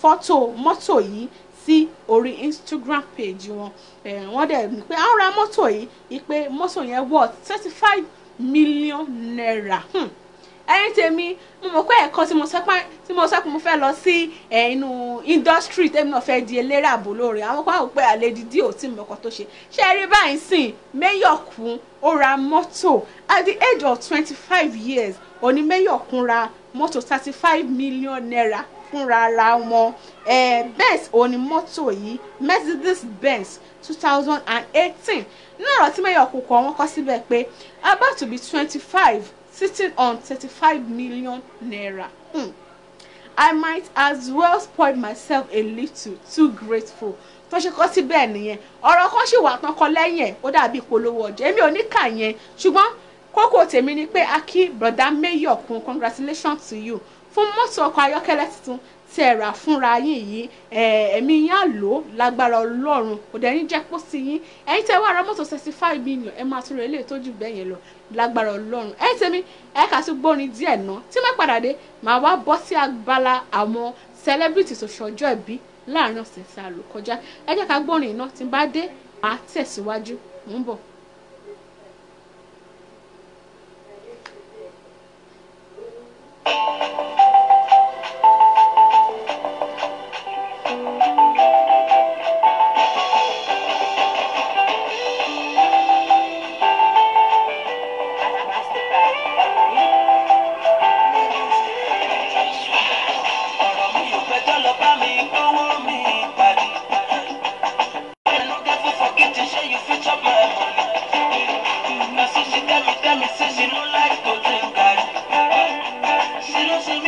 fọ́tò eh, mọ́tò yìí sí orí Instagram page wọn eh, wọ́n dẹ̀ ní pé àwọn ra mọ́tò yìí pé mọ́tò yẹn worth thirty five million naira. Hmm ẹ̀yin tèmi mo mọ̀ pé ẹ̀kọ́ tí mo sọ pé mo fẹ́ lọ sí inú industry tèmi náà fẹ́ di eléré àbò lóore àwọn kan àwọn pé àlejò dí òtí mi ọkọ̀ tó ṣe ṣé ẹ rí báyìí sìn mẹ́yọ̀kún ó ra mọ́tò at the age of twenty five years òní mẹ́yọ̀kún ra mọ́tò thirty five million naira fúnra ra wọn eh, benz òní mọ́tò yìí mercedes benz two thousand and eighteen náà ọ̀rọ̀ tí mẹ́yọ̀kún kọ́ wọ́n kọ́ síbẹ̀ pé about to be twenty five sitting on thirty-five million naira. Hmm. I might as well spoil myself a little too grateful tó ṣe kọ́ síbẹ̀ nìyẹn ọ̀rọ̀ kan ṣì wà tán kọ lẹ́yìn ẹ̀ ó dàbí polówó ọjà èmi ò ní kà yẹn ṣùgbọ́n kókó tèmi ni pé aki kí broda mayor kun congratulations to you fún mọ́tò ọkọ̀ ayọ́kẹ́lẹ́ tuntun tí ẹ rà fúnra yín yìí ẹ̀mí yín á lò lágbára ọlọ́run kò dẹ̀ ní jẹ́ kó sí yín ẹ̀yin tẹ́ wá ra mọ́tò sixty five million ẹ máa tún rẹ̀ lè tójú bẹ́ẹ̀ yẹn lọ lágbára ọlọ́run ẹ̀yin tẹ́mi ẹ kà sí gbórin díẹ̀ ná tí má padà dé màá wá bọ́ sí agbára àwọn celebrity tó ṣọjọ́ ìbí láàrin ọ̀sẹ̀ tá a lò kọjá ẹ jẹ́ ká gbórin iná tí bá dé màá tẹ̀síwájú mò ń bọ̀. thank you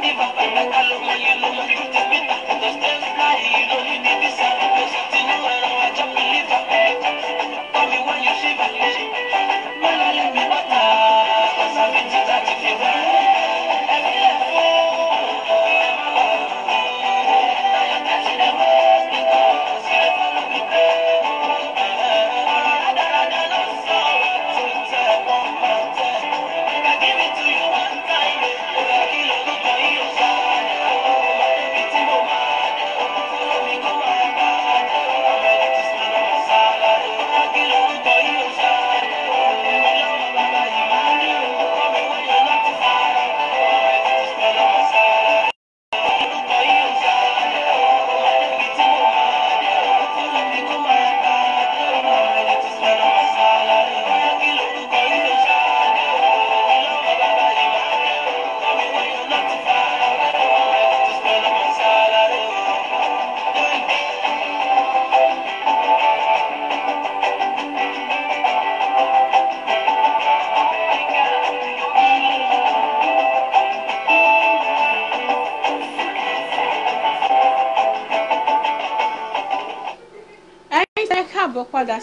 negativa la calor, los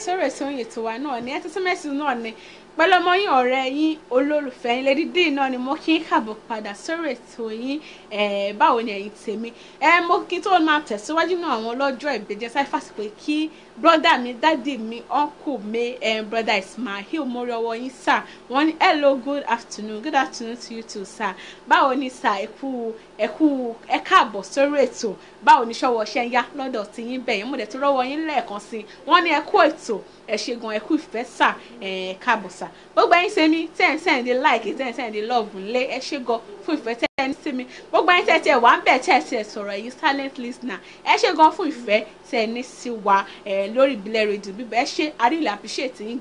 sọ̀rọ̀ èso òyìn tiwa náà ní ẹtí símẹ́sì náà ni pẹ̀lú ọmọ yín ọ̀rẹ́ yín olólùfẹ́ yín Lady Dee náà ni mo kí ń kàbọ̀ padà sọ̀rọ̀ ètò yín báwo ni ẹ̀yin tèmi mo kí tó máa tẹ̀síwájú náà àwọn ọlọ́jọ́ ìbẹ̀jẹ̀ sáfàsì pé kí Brother mi dádì mi uncle mi um, brother, Ismail moriowo yín sà wọ́n ní hello good afternoon good afternoon to you too sà báwo ni sà ẹ̀kú ẹ̀kú ẹ káàbọ̀ sórí ètò báwo ni ṣọwọ́ ṣe ń yá lọ́dọ̀ tí yín bẹ̀yìn mo dẹ̀ tó rọ́wọ́ yín lẹ́ẹ̀kan sí wọ́n ní ẹ̀kú ètò ẹ ṣe gan ẹ kú ìfẹ́ sà eh, ẹ káàbọ̀ sà gbogbo ẹ̀yin ṣe mí tẹ́ ẹ̀ ń sẹ́ǹdì like tẹ́ ẹ̀ ń sẹ́ǹdì love ńlẹ̀ ẹ ṣe fún ìfẹ́ tẹ́ ẹ ní sí mi gbogbo ẹ̀yin tẹ́ ẹ wà ń bẹ̀ tẹ́ ẹ tiẹ̀ sọ̀rọ̀ ẹ̀yin silent listener ẹ ṣé gan fún ìfẹ́ tẹ́ ẹ ní sí wa lórí ìbílẹ̀ rédíò bíbẹ̀ ẹ ṣé àríyìn àpíṣètì yín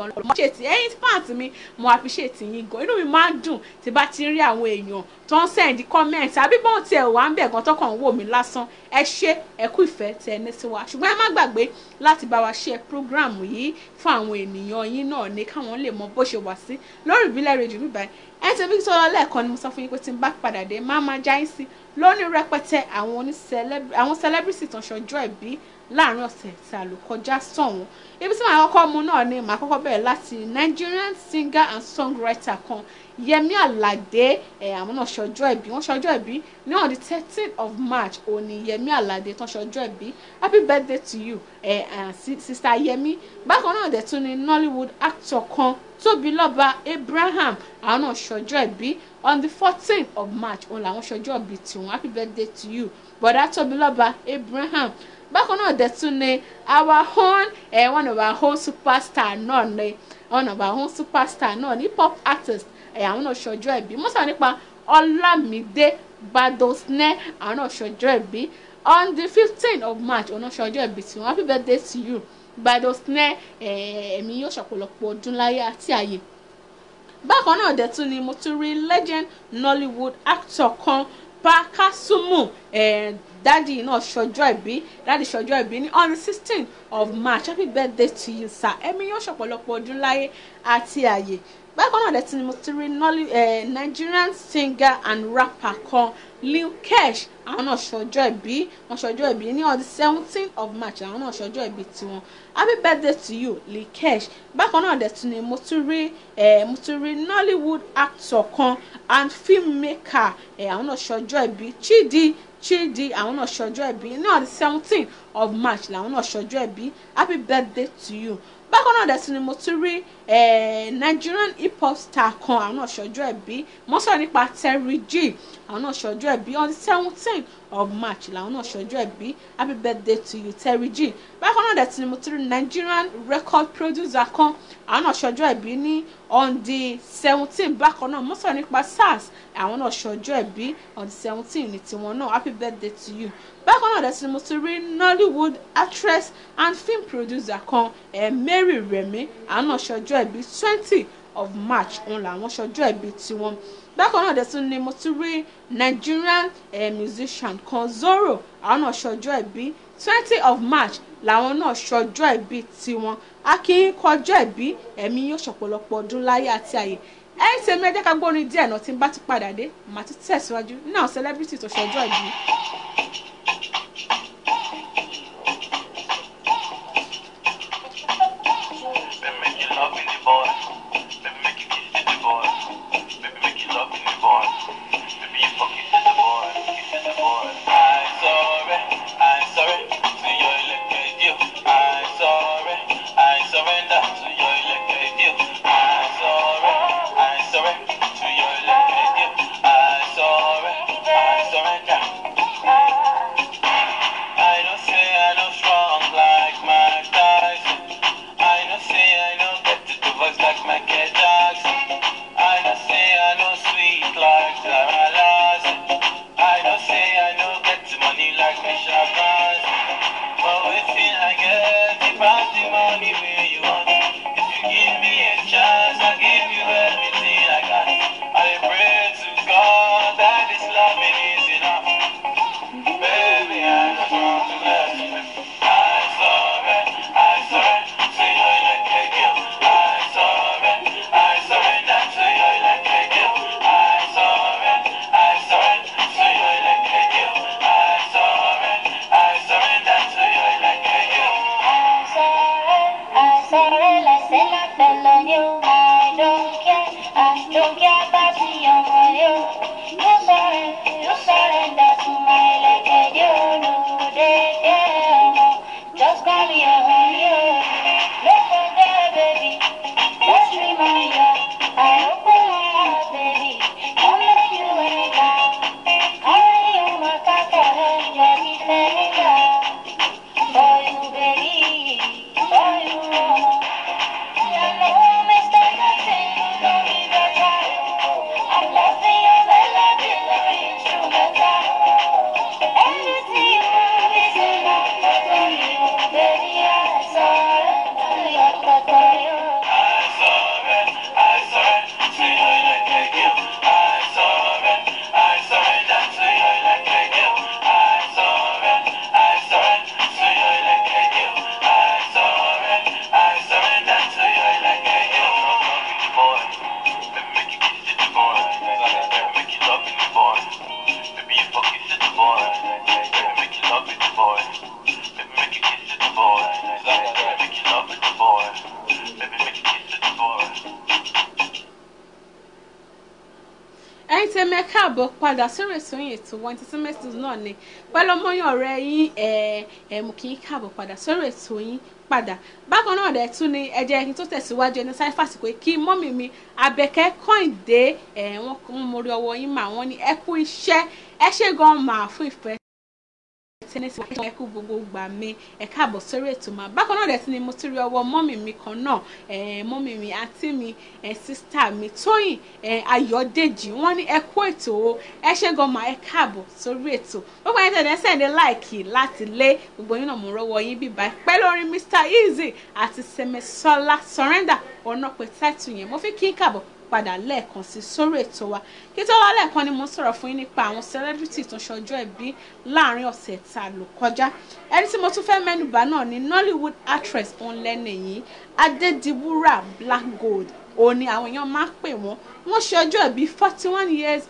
tán lọ mo appreciate ẹ̀yin fans mi mo appreciate yín gan inú mi máa ń dùn tí bá ti rí àwọn èèyàn tó ń send comment àbí bọ́n ti ẹ̀ wá ń bẹ̀ gan tó kàn ń wò mí lásán ẹ ṣé ẹ kú ìfẹ́ tẹ ẹni sí wa ṣùgbọ́n ẹ má gbàgbé láti bá wa share program yìí fún àwọn ènìyàn yín náà ní káwọn lè mọ bó ṣe wà sí lórí ìbílẹ̀ rédíò bíbá ẹ̀ tẹ́bí tó lọ lẹ́ẹ̀kan ni mo sọ fún yín pé tí n bá padà dé má má jáyín sí lónìí rẹpẹtẹ àwọn celebrity tó ń ṣọjọ́ ìbí láàrin ọ̀sẹ̀ tí a lò kọjá sọ̀hún ibi tí màá kọ́kọ́ mú náà ni màá kọ́kọ́ bẹ̀rẹ̀ láti Nigerian singer and songwriter kan Yẹmí Alade, ẹ̀ àwọn náà ṣọjọ́ ẹ̀bí wọ́n ṣọjọ́ ẹ̀bí ní on the thirteen of March òní Yẹmí Alade, tán ṣọjọ́ ẹ̀bí happy birthday to you ẹ̀ eh, sista Yẹmí bákan náà dẹ̀ tún ni Nollywood actor kan Tóbilọ́ba Abraham àwọn náà ṣọjọ́ ẹ̀bí on the fourteen of March òun làwọn ṣọjọ́ ẹ̀bí tiwọn happy birthday to you bọ̀dá Tóbilọ́ba Abraham bákan náà dẹ̀ tún ni our own eh, one of our own superstar náà ni one of our own superstar náà ni pop artist ẹ̀ àwọn náà ṣọjọ́ ẹ̀bí mo sọ nípa ọlámídé badosne àwọn náà ṣọjọ́ ẹ̀bí on the fifteen of march ọ̀nà ṣọjọ́ ẹ̀bí tí wọ́n happy birthday to you badosne ẹ̀mí eh, yóò ṣọ̀pọ̀lọpọ̀ ọdún láyé àti àyè bákan náà dẹ̀ tún ni mo tún rí legend nollywood actor kan pa kasumu eh, dádì náà ṣọjọ́ ìbí dádì ṣọjọ́ ìbí ní on the sixteen of march happy birthday to you sir ẹ̀mí yóò ṣọ̀pọ̀lọpọ̀ ọdún láyé àti àyè bákan náà lẹ́tìn mo ti rí nigerian singer and rapper kan lil kesh àwọn náà ṣọjọ́ ìbí wọn ṣọjọ́ ìbí ní on the seventeen of march àwọn náà ṣọjọ́ ìbí tiwọn happy birthday to you lil kesh bákan náà lẹ́tìn ni mo ti rí mo ti rí nollywood actor kan and filmmaker àwọn náà ṣọjọ́ ìbí chidi chidi àwọn náà ṣọjọ́ ẹ̀bí náà the seventeen of march làwọn náà ṣọjọ́ ẹ̀bí happy birthday to you bákan náà dẹ̀ tún ni mo tún rí Eh, Nigerian hip hop star kan àwọn náà ṣọjọ́ ẹ̀bí wọ́n sọ̀rọ̀ nípa Terry G àwọn náà ṣọjọ́ ẹ̀bí on the seventeen of March làwọn náà ṣọjọ́ ẹ̀bí happy birthday to you Terry G bákan náà dẹ̀tí ni mo ti rí Nigerian record producer kan àwọn náà ṣọjọ́ ẹ̀bí ní on the seventeen bákan náà mo sọ̀rọ̀ nípa SARS àwọn náà ṣọjọ́ ẹ̀bí on the seventeen ní tiwọn náà happy birthday to you bákan náà dẹ̀tí ni mo ti rí Nollywood actress and film producer kan eh, Mary Remi àwọn náà ṣọjọ́ ọjọ́ twenty of March òun làwọn ṣọjọ́ ìbí tiwọn bákan náà dẹ̀tún ni mo tún rí Nigerian eh, musician kan Zoro àwọn náà ṣọjọ́ ìbí twenty of March làwọn náà ṣọjọ́ ìbí tiwọn akin kọjọ́ ìbí ẹ̀mí yóò ṣọ̀pọ̀lọpọ̀ ọdún láyé àti àyè ẹ̀yìn tèmi ẹ jẹ́ ká gbórin díẹ̀ náà tí n bá ti padà dé màá ti tẹ̀síwájú náà celebrity tó ṣọjọ́ ìbí. padà sórí ètò yìí ètò wa entertainment news náà ni pẹ̀lú ọmọyàn ọ̀rẹ́ yín ẹ̀ẹ́mù kì í káàbọ̀ padà sórí ètò yín padà bákan náà dẹ̀ tún ni ẹ̀jẹ̀ ẹ̀kin tó tẹ̀síwájú ẹni sáré fàsìkò kí mọ́mì mi Àbẹ̀kẹ́ Kọ́ìndé ẹ̀ wọ́n mọ orí ọwọ́ yín mà wọ́n ní ẹ kú iṣẹ́ ẹ ṣe gan-an mà fún ìfẹ́ tí ní sí wọn gbogbo gbà mí ẹ káàbọ̀ sórí ètò máa bákan náà dẹ̀sí ni mo ti rí ọwọ́ mọ́mì mi kan náà mọ́mì mi àǹtí mi sísítà mi tóyìn ayọ̀dèjì wọ́n ní ẹkú ètò o ẹ ṣe gọ́mà ẹ káàbọ̀ sórí ètò gbogbo ẹni tẹ̀lé sẹ́ndé láìkì láti lé gbogbo yín náà mo rọwọ́ yín bíbá pẹ̀lú orin Mr Easy àti Sẹ́mẹ́sọ́lá surrender ọ̀nà pẹ̀ yẹn mo fi kí káàbọ̀ padà lẹ́ẹ̀kan sí sórí ètò wa kí tó wá lẹ́ẹ̀kan ni mo sọ̀rọ̀ fún yín nípa àwọn sẹ́lẹ́bìrìtì tó ṣọjọ́ ìbí láàrin ọ̀sẹ̀ ta ló kọjá ẹni tí mo tún fẹ́ mẹ́nubà náà ni Nollywood actress òun lẹ́nu èyí Adédìwúrà Black Gold òun ni àwọn èèyàn máa ń pè wọ́n wọ́n ṣe ọjọ́ ìbí forty one years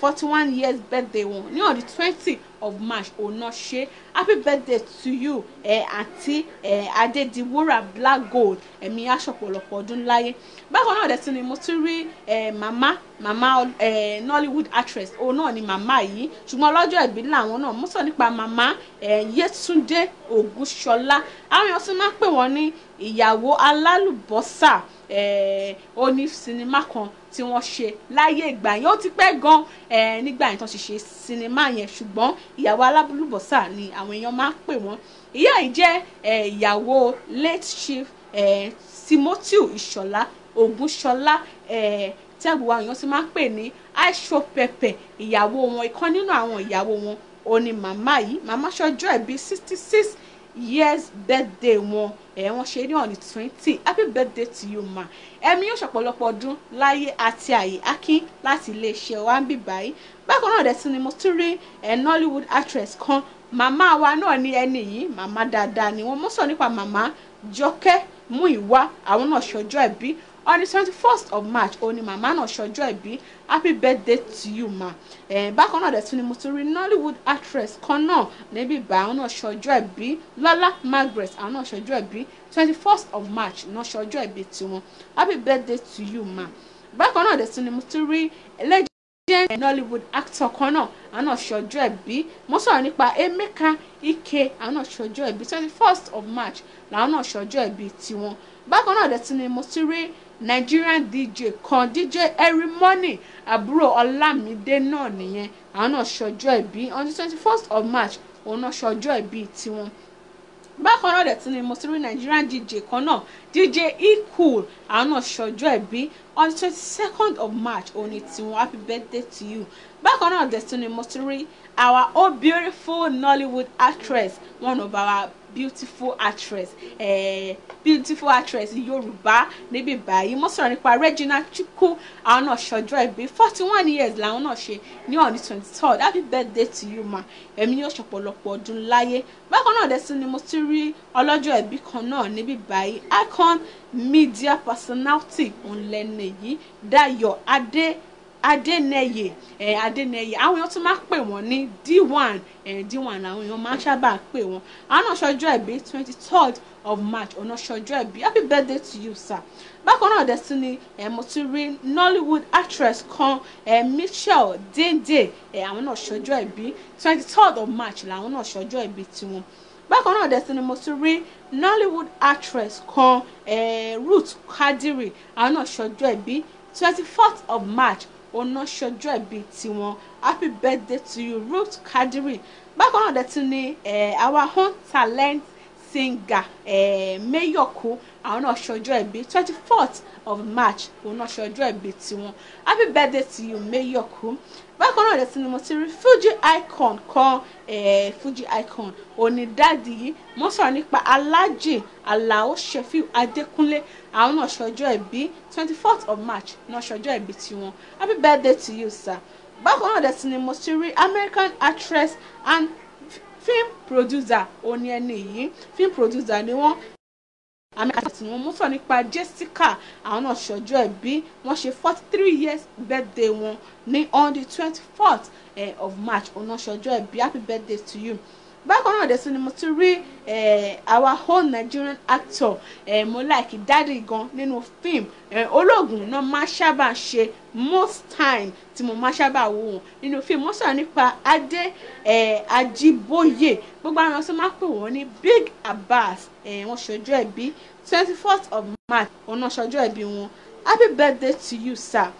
forty eh, one years birthday wọn ní ọ̀dí twenty of March ọ̀nà ṣe happy birthday to you eh, àti eh, eh, Adédiwúrà Black Gold ẹ̀mí aṣọ̀pọ̀lọpọ̀ ọdún láyé bákan náà dẹ̀tún ni mo tún rí eh, mama, eh, Nollywood actress òun náà ni màmá yìí ṣùgbọ́n ọlọ́jọ́ ìbí làwọn náà mo sọ nípa eh, Yétúndé Ògúnṣọlá àwọn èèyàn tún máa ń pè wọ́n ní ìyàwó alálùbọ́sà ó eh, ní sinimá kan tí wọ́n ṣe láyé ìgbà yẹn ó ti pẹ́ gan nígbà yẹn tó ti ṣe sinimá yẹn ṣùgbọ́n ìyàwó alábùlùbọ̀sà ni àwọn èèyàn máa ń pè wọ́n ìyá yìí jẹ́ ìyàwó late chief Timothy Ìṣọ̀lá Ògúnṣọlá tẹ́gbùwá èèyàn ti máa ń pè ní aishopepe ìyàwó wọn ìkan nínú àwọn ìyàwó wọn òní màmá yìí màmá ṣọjọ́ ẹ̀bí sixty six years birthday wọn ẹ wọn ṣe ní ọ̀nì twenty happy birthday to you ma ẹ̀mí yóò ṣọ̀pọ̀lọpọ̀ ọdún láyé àti àyè akin láti iléeṣẹ́ wa ń bì báyìí bákan náà dẹ̀ tún ni mo tún rí ẹ̀ nollywood actress kan màmá wa náà ní ẹni yìí màmá dáadáa ni wọ́n mọ̀ sọ nípa màmá jọkẹ́ mú ìwá àwọn náà ṣọjọ́ ẹ̀bí on the twenty first of march òun ni màmá náà ṣọjọ́ ìbí happy birthday to you ma eh, bákan náà dẹ̀tún ni mo tún rí nollywood actress kan náà níbí ìbá àwọn náà ṣọjọ́ ìbí lọ́lá margaret àwọn náà ṣọjọ́ ìbí twenty first of march náà ṣọjọ́ ìbí tiwọn happy birthday to you ma bákan náà dẹ̀tún ni mo tún rí ẹlẹ́jọ́ nollywood actor kan náà àwọn náà ṣọjọ́ ẹ̀bí mo sọ̀rọ̀ nípa emeka ike àwọn náà ṣọjọ́ ẹ̀bí twenty first of march làwọn náà ṣọjọ́ ẹ̀bí tiwọn bákan náà dẹ̀ tún ni mo ti rí Nigerian DJ kan DJ every Erimoni àbúrò Ọlámidé náà nìyẹn àwọn náà ṣọjọ́ ìbí on the twenty first of March òun náà ṣọjọ́ ìbí tiwọn bákan náà dẹ̀ tún ni mo ti rí Nigerian DJ kan náà DJ E-Cool àwọn náà ṣọjọ́ ìbí on the twenty second of March òun ni tiwọn happy birthday to you bákan náà destiny mo our old beautiful nollywood actress one of our beautiful actress eh, beautiful actress yorùbá níbí báyìí mo sọ̀rọ̀ nípa regina chukwu àwọn náà ṣọjọ́ ìbí forty one years làwọn náà ṣe ní ọ̀ní twenty third happy birthday to you ma ẹ̀mí yóò ṣọ̀pọ̀lọpọ̀ ọdún láyé bákan náà dẹ́sí ni mo ti rí ọlọ́jọ́ ìbí kan náà níbí báyìí icon media personality òun lẹ́nu èyí dayo adé Adénẹyè ẹ Adénẹyè àwọn èèyàn tún máa pè wọ́n ní D1 ẹ D1 làwọn èèyàn máa ń sábà pè wọ́n àwọn náà ṣọjọ́ ẹ̀bí twenty third of March ọ̀nà ṣọjọ́ ẹ̀bí happy birthday to you sir bákan náà dẹ̀ sí ni ẹ mo ti rí Nollywood actress kan ẹ Michelle Dende ẹ àwọn náà ṣọjọ́ ẹ̀bí twenty third of March làwọn náà ṣọjọ́ ẹ̀bí tiwọn bákan náà dẹ̀ sí ni mo ti rí Nollywood actress kan ẹ Ruth Kadiri àwọn náà ṣọjọ́ ẹ̀bí twenty fourth of March ọ̀nà ṣọjọ́ ìbí tiwọn happy birthday to you Ruth Kadiri bákan náà dẹ̀tún ni our own talent singer Mayoko àwọn náà ṣọjọ́ ìbí twenty fourth of March òun náà ṣọjọ́ ìbí tiwọn happy birthday to you Mayoko bákan náà lẹ́sìn ni mo ti rí fuji icon kan eh, fuji icon onídàdí yìí mo sọ̀rọ̀ nípa alájì aláò sheffield adékúnlé àwọn náà ṣọjọ́ ẹ̀bí twenty fourth of march náà ṣọjọ́ ẹ̀bí tiwọn happy birthday to you sir bákan náà lẹ́sìn ni mo ti rí american actress and film producer òní ẹni yìí film producer ni wọ́n amẹ́ka tí wọ́n mú sọ̀rọ̀ nípa jessica àwọn náà ṣọjọ́ ẹ̀bí wọ́n ṣe forty three years birthday wọn ní on the twenty fourth eh, of march ọ̀nà ṣọjọ́ ẹ̀bí happy birthday to you bákan náà dẹ̀sùn ni mo ti rí eh, our whole Nigerian actor eh, mo like Daddy gan nínú fíìmù eh, olóògùn náà máa sábà ṣe most time tí mo máa sábà wò wọn nínú fíìmù wọ́n sọ̀rọ̀ nípa Adé Ajíbóyè gbogbo àwọn tó máa pè wọ́n ní Big Abbas wọ́n ṣojú ẹbí twenty fourth of March òun náà ṣojú ẹbí wọn happy birthday to you sir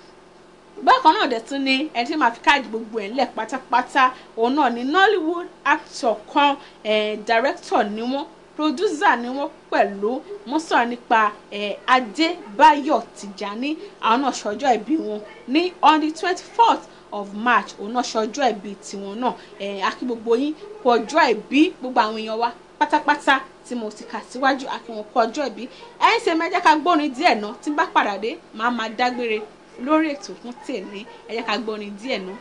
bákan náà dẹ̀ tún ni ẹni tí màá fi káàdì gbogbo ẹ̀ ńlẹ̀ pátápátá òun náà ni Nollywood actor kan eh, director ni wọ́n producer ni wọ́n pẹ̀lú wọ́n sọ̀rọ̀ nípa eh, Adébáyọ̀ Tìjání àwọn náà ṣọjọ́ ìbí wọn ní on the twenty fourth of March òun náà ṣọjọ́ ìbí tiwọn náà eh, akí gbogbo yín kú ọjọ́ ìbí gbogbo àwọn èèyàn wa pátápátá tí mo ti kà síwájú akí wọn kú ọjọ́ ìbí ẹ̀yin ṣe mẹ́jẹ́ ká gbórin díẹ̀ náà tí bá padà dé máa dágbére lórí ètò fún tèmi ẹ jẹ́ ká gbọ́ orin díẹ̀ náà.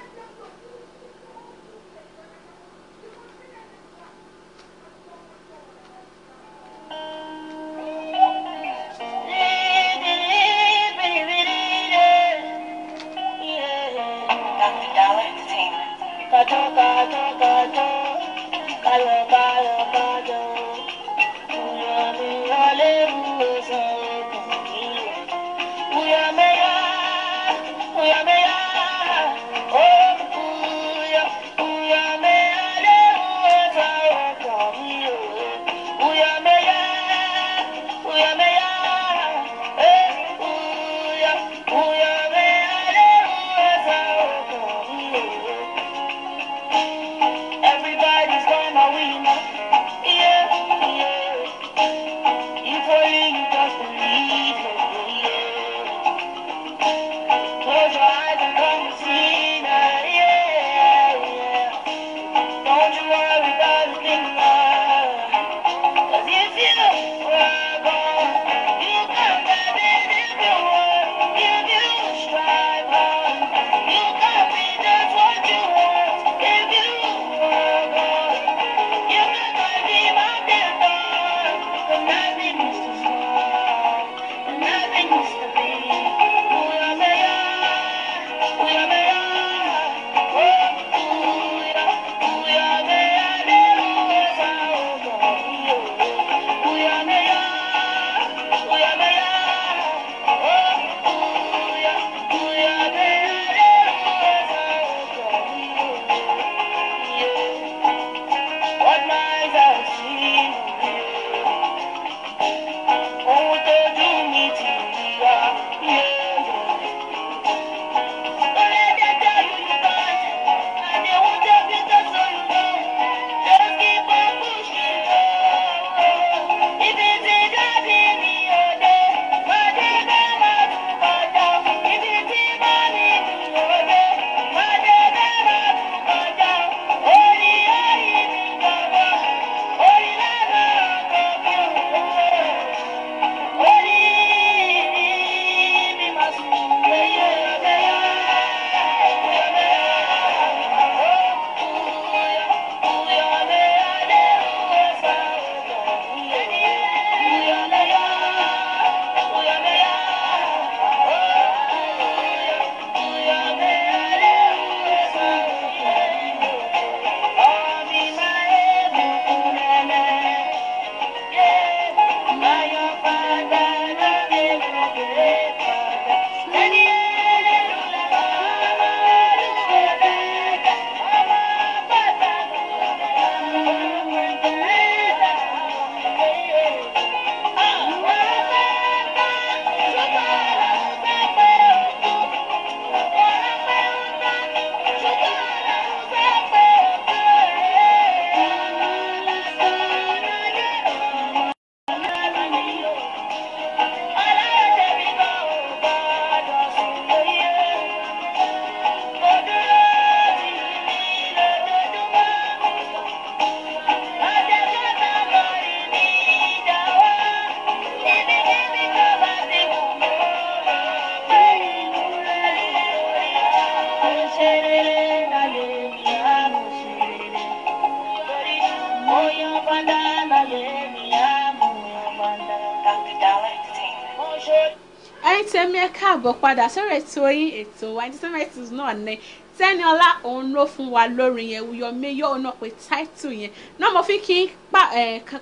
sórí ètò yín ètò wa entertainment náà ní Tẹ́niọlá òun ló fún wa lórí yẹn wuyọ̀mí yóò náà pé title yẹn náà mo fi kí n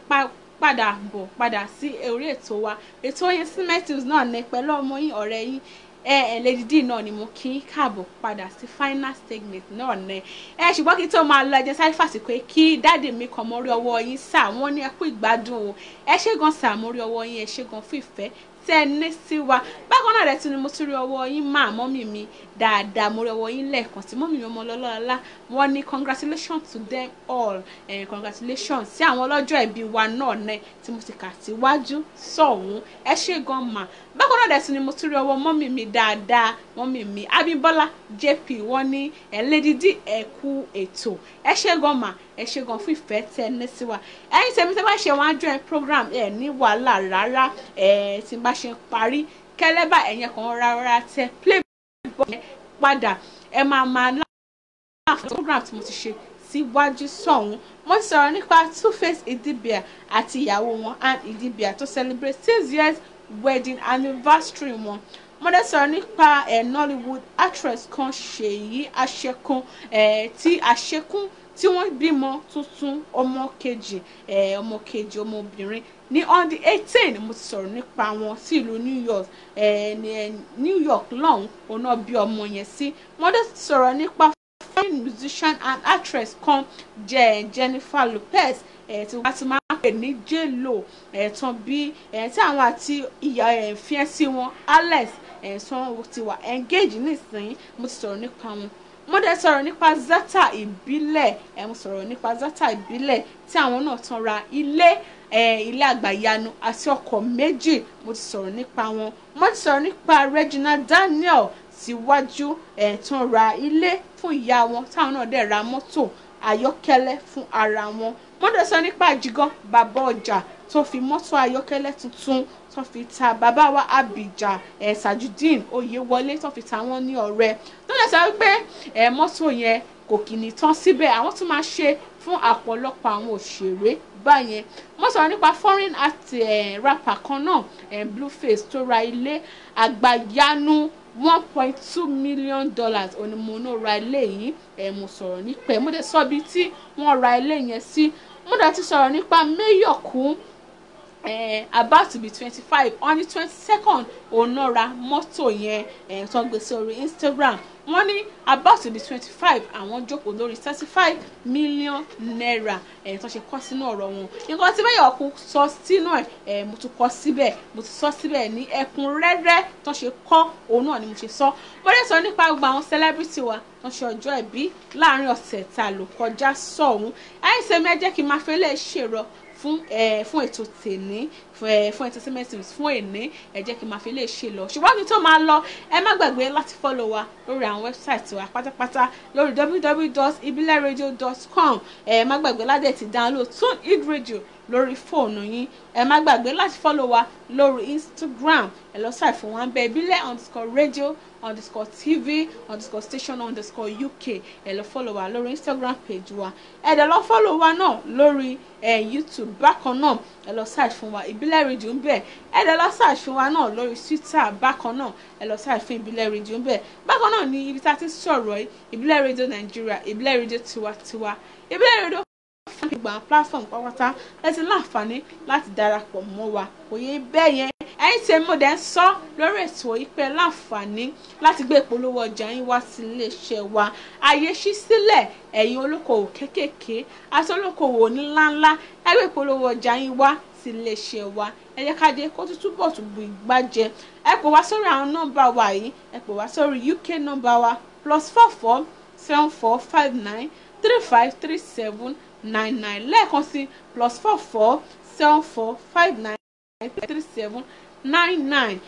pa padà bọ̀ padà sí orí ètò wa ètò yẹn entertainment náà ní pẹ̀lú ọmọ yín ọ̀rẹ́ yín ẹ ẹ Lady Dee náà ni mo kí í káàbọ̀ padà sí final segment náà nẹ ẹ ṣùgbọ́n kí n tó máa lọ ẹjẹ sáré fàsìkò kí dáàdì mi kàn mọ́ rí ọwọ́ yín sà wọ́n ní ẹ kú ìgbádùn o ẹ ṣé gan sà mọ́ rí ọwọ́ yín ẹ ṣé gan fún ìfẹ́ tẹ́ ẹ ní sí wa bákan náà rẹ̀ tún ni mo tún rí ọwọ́ yín máa mọ́mì mi dáadáa mo rí ọwọ́ yín lẹ́ẹ̀kan tí mọ́mì mi ọmọ ọlọ́lọ́lá wọ́n ní congratulations to them all eh, congratulations sí àwọn ọlọ́jọ́ ìbí wa náà nẹ tí mo ti kà síwájú sọ̀hún ẹ ṣe gan mà bákan náà rẹ̀ tún ni mo tún rí ọwọ́ mọ́mì mi dáadáa mọ́mì mi Abímbọ́lá JP wọ́n ní ẹ̀ lédìdí ẹ kú ètò ẹ ṣe gan mà ẹ ṣe gan fún ìfẹ́ tẹ ẹ ní sí wa ẹ̀yin tèmi bá ṣe wọn á join program ẹ̀ ní wàhálà rárá ẹ̀ eh, tí n bá ṣe parí kẹlẹ́bà ẹ̀yẹn kan rárá tẹ playboy yẹn padà ẹ máa máa láàfin program tí mo ti ṣe síwájú sọ̀hún mo ti sọ̀rọ̀ nípa two face idibia àti ìyàwó wọn and idibia to celebrate six years wedding anniversary wọn mo dẹ̀ sọ̀rọ̀ nípa ẹ̀ eh, Nollywood actress kan Ṣèyí Àṣẹkùn ẹ̀ eh, tí Àṣẹkùn tí wọ́n bímọ tuntun ọmọ kejì ẹ̀ eh, ọmọ kejì ọmọbìnrin ní on the eighteen mo ti sọ̀rọ̀ nípa wọn sí ìlú New York ẹni eh, New York lọ́hùn ọ̀nà bí ọmọ yẹn sí wọ́n dẹ̀ sọ̀rọ̀ nípa foreign musician and actress kan jẹ́ Jennifer Lopez ẹ̀ tí wọ́n ti máa ń pè ní J-Lo ẹ̀tàn bí ẹ̀ tí àwọn àti ìyá ẹ̀ fiancé wọn Alex ẹ̀sán ti wà engage nísìnyí mo ti sọ̀rọ̀ nípa wọn mo dẹ̀ sọ̀rọ̀ nípa zata ìbílẹ̀ ẹ̀ mo sọ̀rọ̀ nípa zata ìbílẹ̀ tí àwọn náà tán ra ilé ilé àgbà ìyanu àti ọkọ̀ méjì mo ti sọ̀rọ̀ nípa wọn mo ti sọ̀rọ̀ nípa Regina Daniel síwájú ẹ̀ tán ra ilé fún ìyá wọn táwọn náà dẹ̀ ra mọ́tò ayọ́kẹ́lẹ́ fún ara wọn mo dẹ̀ sọ nípa Àjígan bàbá ọjà tó fi mọ́tò ayọ́kẹ́lẹ́ tuntun tó fi ta bàbá wa Abija ẹ̀ Sajudeen Oyewọlé tó fi ta wọ́n ní ọ̀rẹ́ tó dẹ̀ sọ wípé ẹ̀ mọ́tò yẹn kò kì í tán síbẹ̀ àwọn tó máa ṣe fún àpọ̀lọpọ̀ àwọn òṣèré báyẹn wọ́n sọ̀rọ̀ nípa foreign art eh, rapper kan náà eh, Blueface tó ra ilé àgbàyanu one point two million dollars òní mo náà ra ilé yìí eh, mo sọ̀rọ̀ nípa ẹ̀ mo dẹ̀ sọ tí wọ́n ra ilé yẹn sí mo dẹ̀ ti sọ̀rọ̀ nípa Mayorkun Eh, about to be twenty-five on the twenty-second òun náà ra mọ́tò yẹn eh, tó ń gbé sí Instagram wọ́n ní about to be twenty-five àwọn jókòó lórí thirty-five million naira eh, tó ṣe kọ́ sínú ọ̀rọ̀ wọn nǹkan tí bẹ́ẹ̀ ọkùn sọ sínú ẹ̀ eh, mo tún kọ́ síbẹ̀ mo ti sọ síbẹ̀ ní ẹ̀kúnrẹ́rẹ́ tó ṣe kọ́ òun náà ni mo ṣe sọ bóde sọ nípa gbogbo àwọn celebrity wa tó ṣe ọjọ́ ìbí láàrin ọ̀sẹ̀ ta ló kọjá sọ̀hún ẹ̀yìn sẹ́mi ẹ jẹ́ kí n máa fẹ́ ṣèrọ fún ẹ fún ètò tèní fún entertainment tips fún èní ẹ jẹ́ kí n máa fi lè ṣe lọ ṣùgbọ́n ní tó máa lọ ẹ má gbàgbé láti follow wa lórí àwọn website wa pátápátá lórí www.ibileradio.com ẹ má gbàgbé ládẹ̀ ti download tune in radio lórí fóònù yín ẹ má gbàgbé láti fọ́lọ̀ wa lórí instagram ẹ lọ sáì fún wa ń bẹ ìbílẹ̀ underscore radio underscore tv underscore station underscore uk ẹ lọ fọ́lọ̀ wa lórí instagram page wa ẹ dẹ̀ lọ fọ́lọ̀ wa náà lórí ẹ youtube bákan náà ẹ lọ sáì fún wa ìbílẹ̀ radio ń bẹ ẹ dẹ̀ lọ sáì fún wa náà lórí twitter bákan náà ẹ lọ sáì fún ìbílẹ̀ radio ń bẹ bákan náà ní ibi tá a ti sọ̀rọ̀ ìbílẹ̀ radio nàìjíríà ìbílẹ̀ radio tiwantiwa ìbílẹ̀ rédíò gbogbo àwọn platform pátápátá ẹ ti láǹfààní láti darapọ̀ mọ́ wa òye bẹ́ẹ̀ yẹn ẹ̀yin tí mo dẹ̀ ń sọ lórí ètò ìpẹ́ láǹfààní láti gbé ìpolówó ọjà yín wá sí iléeṣẹ́ wa àyè ṣí sílẹ̀ ẹ̀yin olókoòwò kéékèèké àti olókoòwò ńláńlá ẹ gbé ìpolówó ọjà yín wá sí iléeṣẹ́ wa ẹ jẹ́ kó tútù bọ̀ tún bu ìgbà ẹ pè wá sórí àwọn nọ́mbà wa yìí ẹ pè wá sórí UK nọ́mbà wa plus four four seven four five nine three five three seven nine nine lẹ́ẹ̀kan sí plus four four seven four five nine three seven nine nine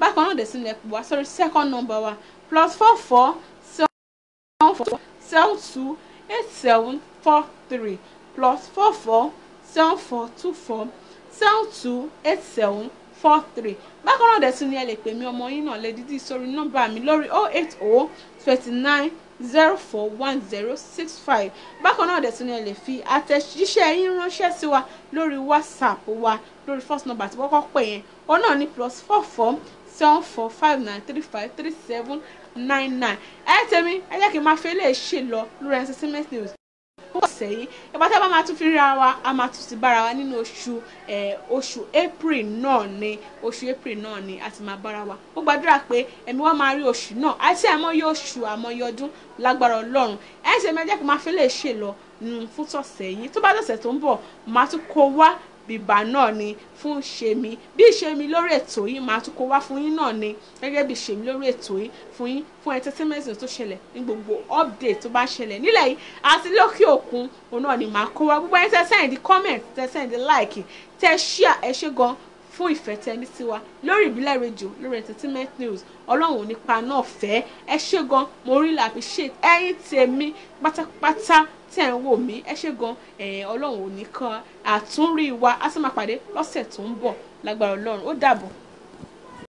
bákan náà dẹ̀ sí ilẹ̀ pọ̀ wá sórí second number wa plus four four seven four seven two eight seven four three plus four four seven four two four seven two eight seven four three bákan náà dẹ̀ sí ni ẹ lè pè mí ọmọ yín náà lè dídí sórí nọ́mbà mi lórí oh eight oh twenty nine zero four one zero six five bákan náà dẹ̀tún ni ẹ lè fi àtẹ̀jíṣẹ́ yín ránṣẹ́ sí wa lórí whatsapp wa lórí first number tí wọ́n kọ́ pè yẹn òun náà ní plus four four seven four five nine three five three seven nine nine ẹ tẹ̀mí ẹ jẹ́ kí n máa fi eléyìí ṣe lọ lórí entertainment news ọ̀sẹ̀ yìí ìgbà tá a bá máa tún fi ríra wa a máa tún ti bára wa nínú oṣù oṣù april náà ni oṣù april náà ni a ti máa bára wa ó gbàdúrà pé ẹ̀mí wa máa rí oṣù náà àti àmọ́yé oṣù àmọ́yé ọdún lágbára ọlọ́run ẹ̀ ń ṣe mẹ́jẹ̀ kó máa fi lè ṣe lọ fún tọ̀sẹ̀ yìí tó bá tọ̀sẹ̀ tó ń bọ̀ máa tún kó wá bìbà náà ni fún ṣèmi bí ṣèmi lórí ètò yìí máa tún kó wá fún yín náà ni gẹ́gẹ́ bí ṣèmi lórí ètò yìí fún yín fún entertainment tó ṣẹlẹ̀ ní gbogbo update tó bá ṣẹlẹ̀ nílẹ̀ yìí àti lókè òkun òun náà ni màá kó wá gbogbo ẹni tẹ́ send comment tẹ́ send like tẹ́ share ẹ ṣé gan fún ìfẹ́ tẹni tiwa lórí ìbílẹ̀ rédíò lórí entertainment news ọlọ́run ò nípa náà fẹ́ ẹ ṣé gan mo rí làbí tèmi pátápátá tí ẹ̀ ń wò mí ẹ ṣé gan ọlọ́run ò ní kan àtúnrí wa a sì máa pàdé lọ́sẹ̀ tó ń bọ̀ lágbára ọlọ́run ó dàbọ̀.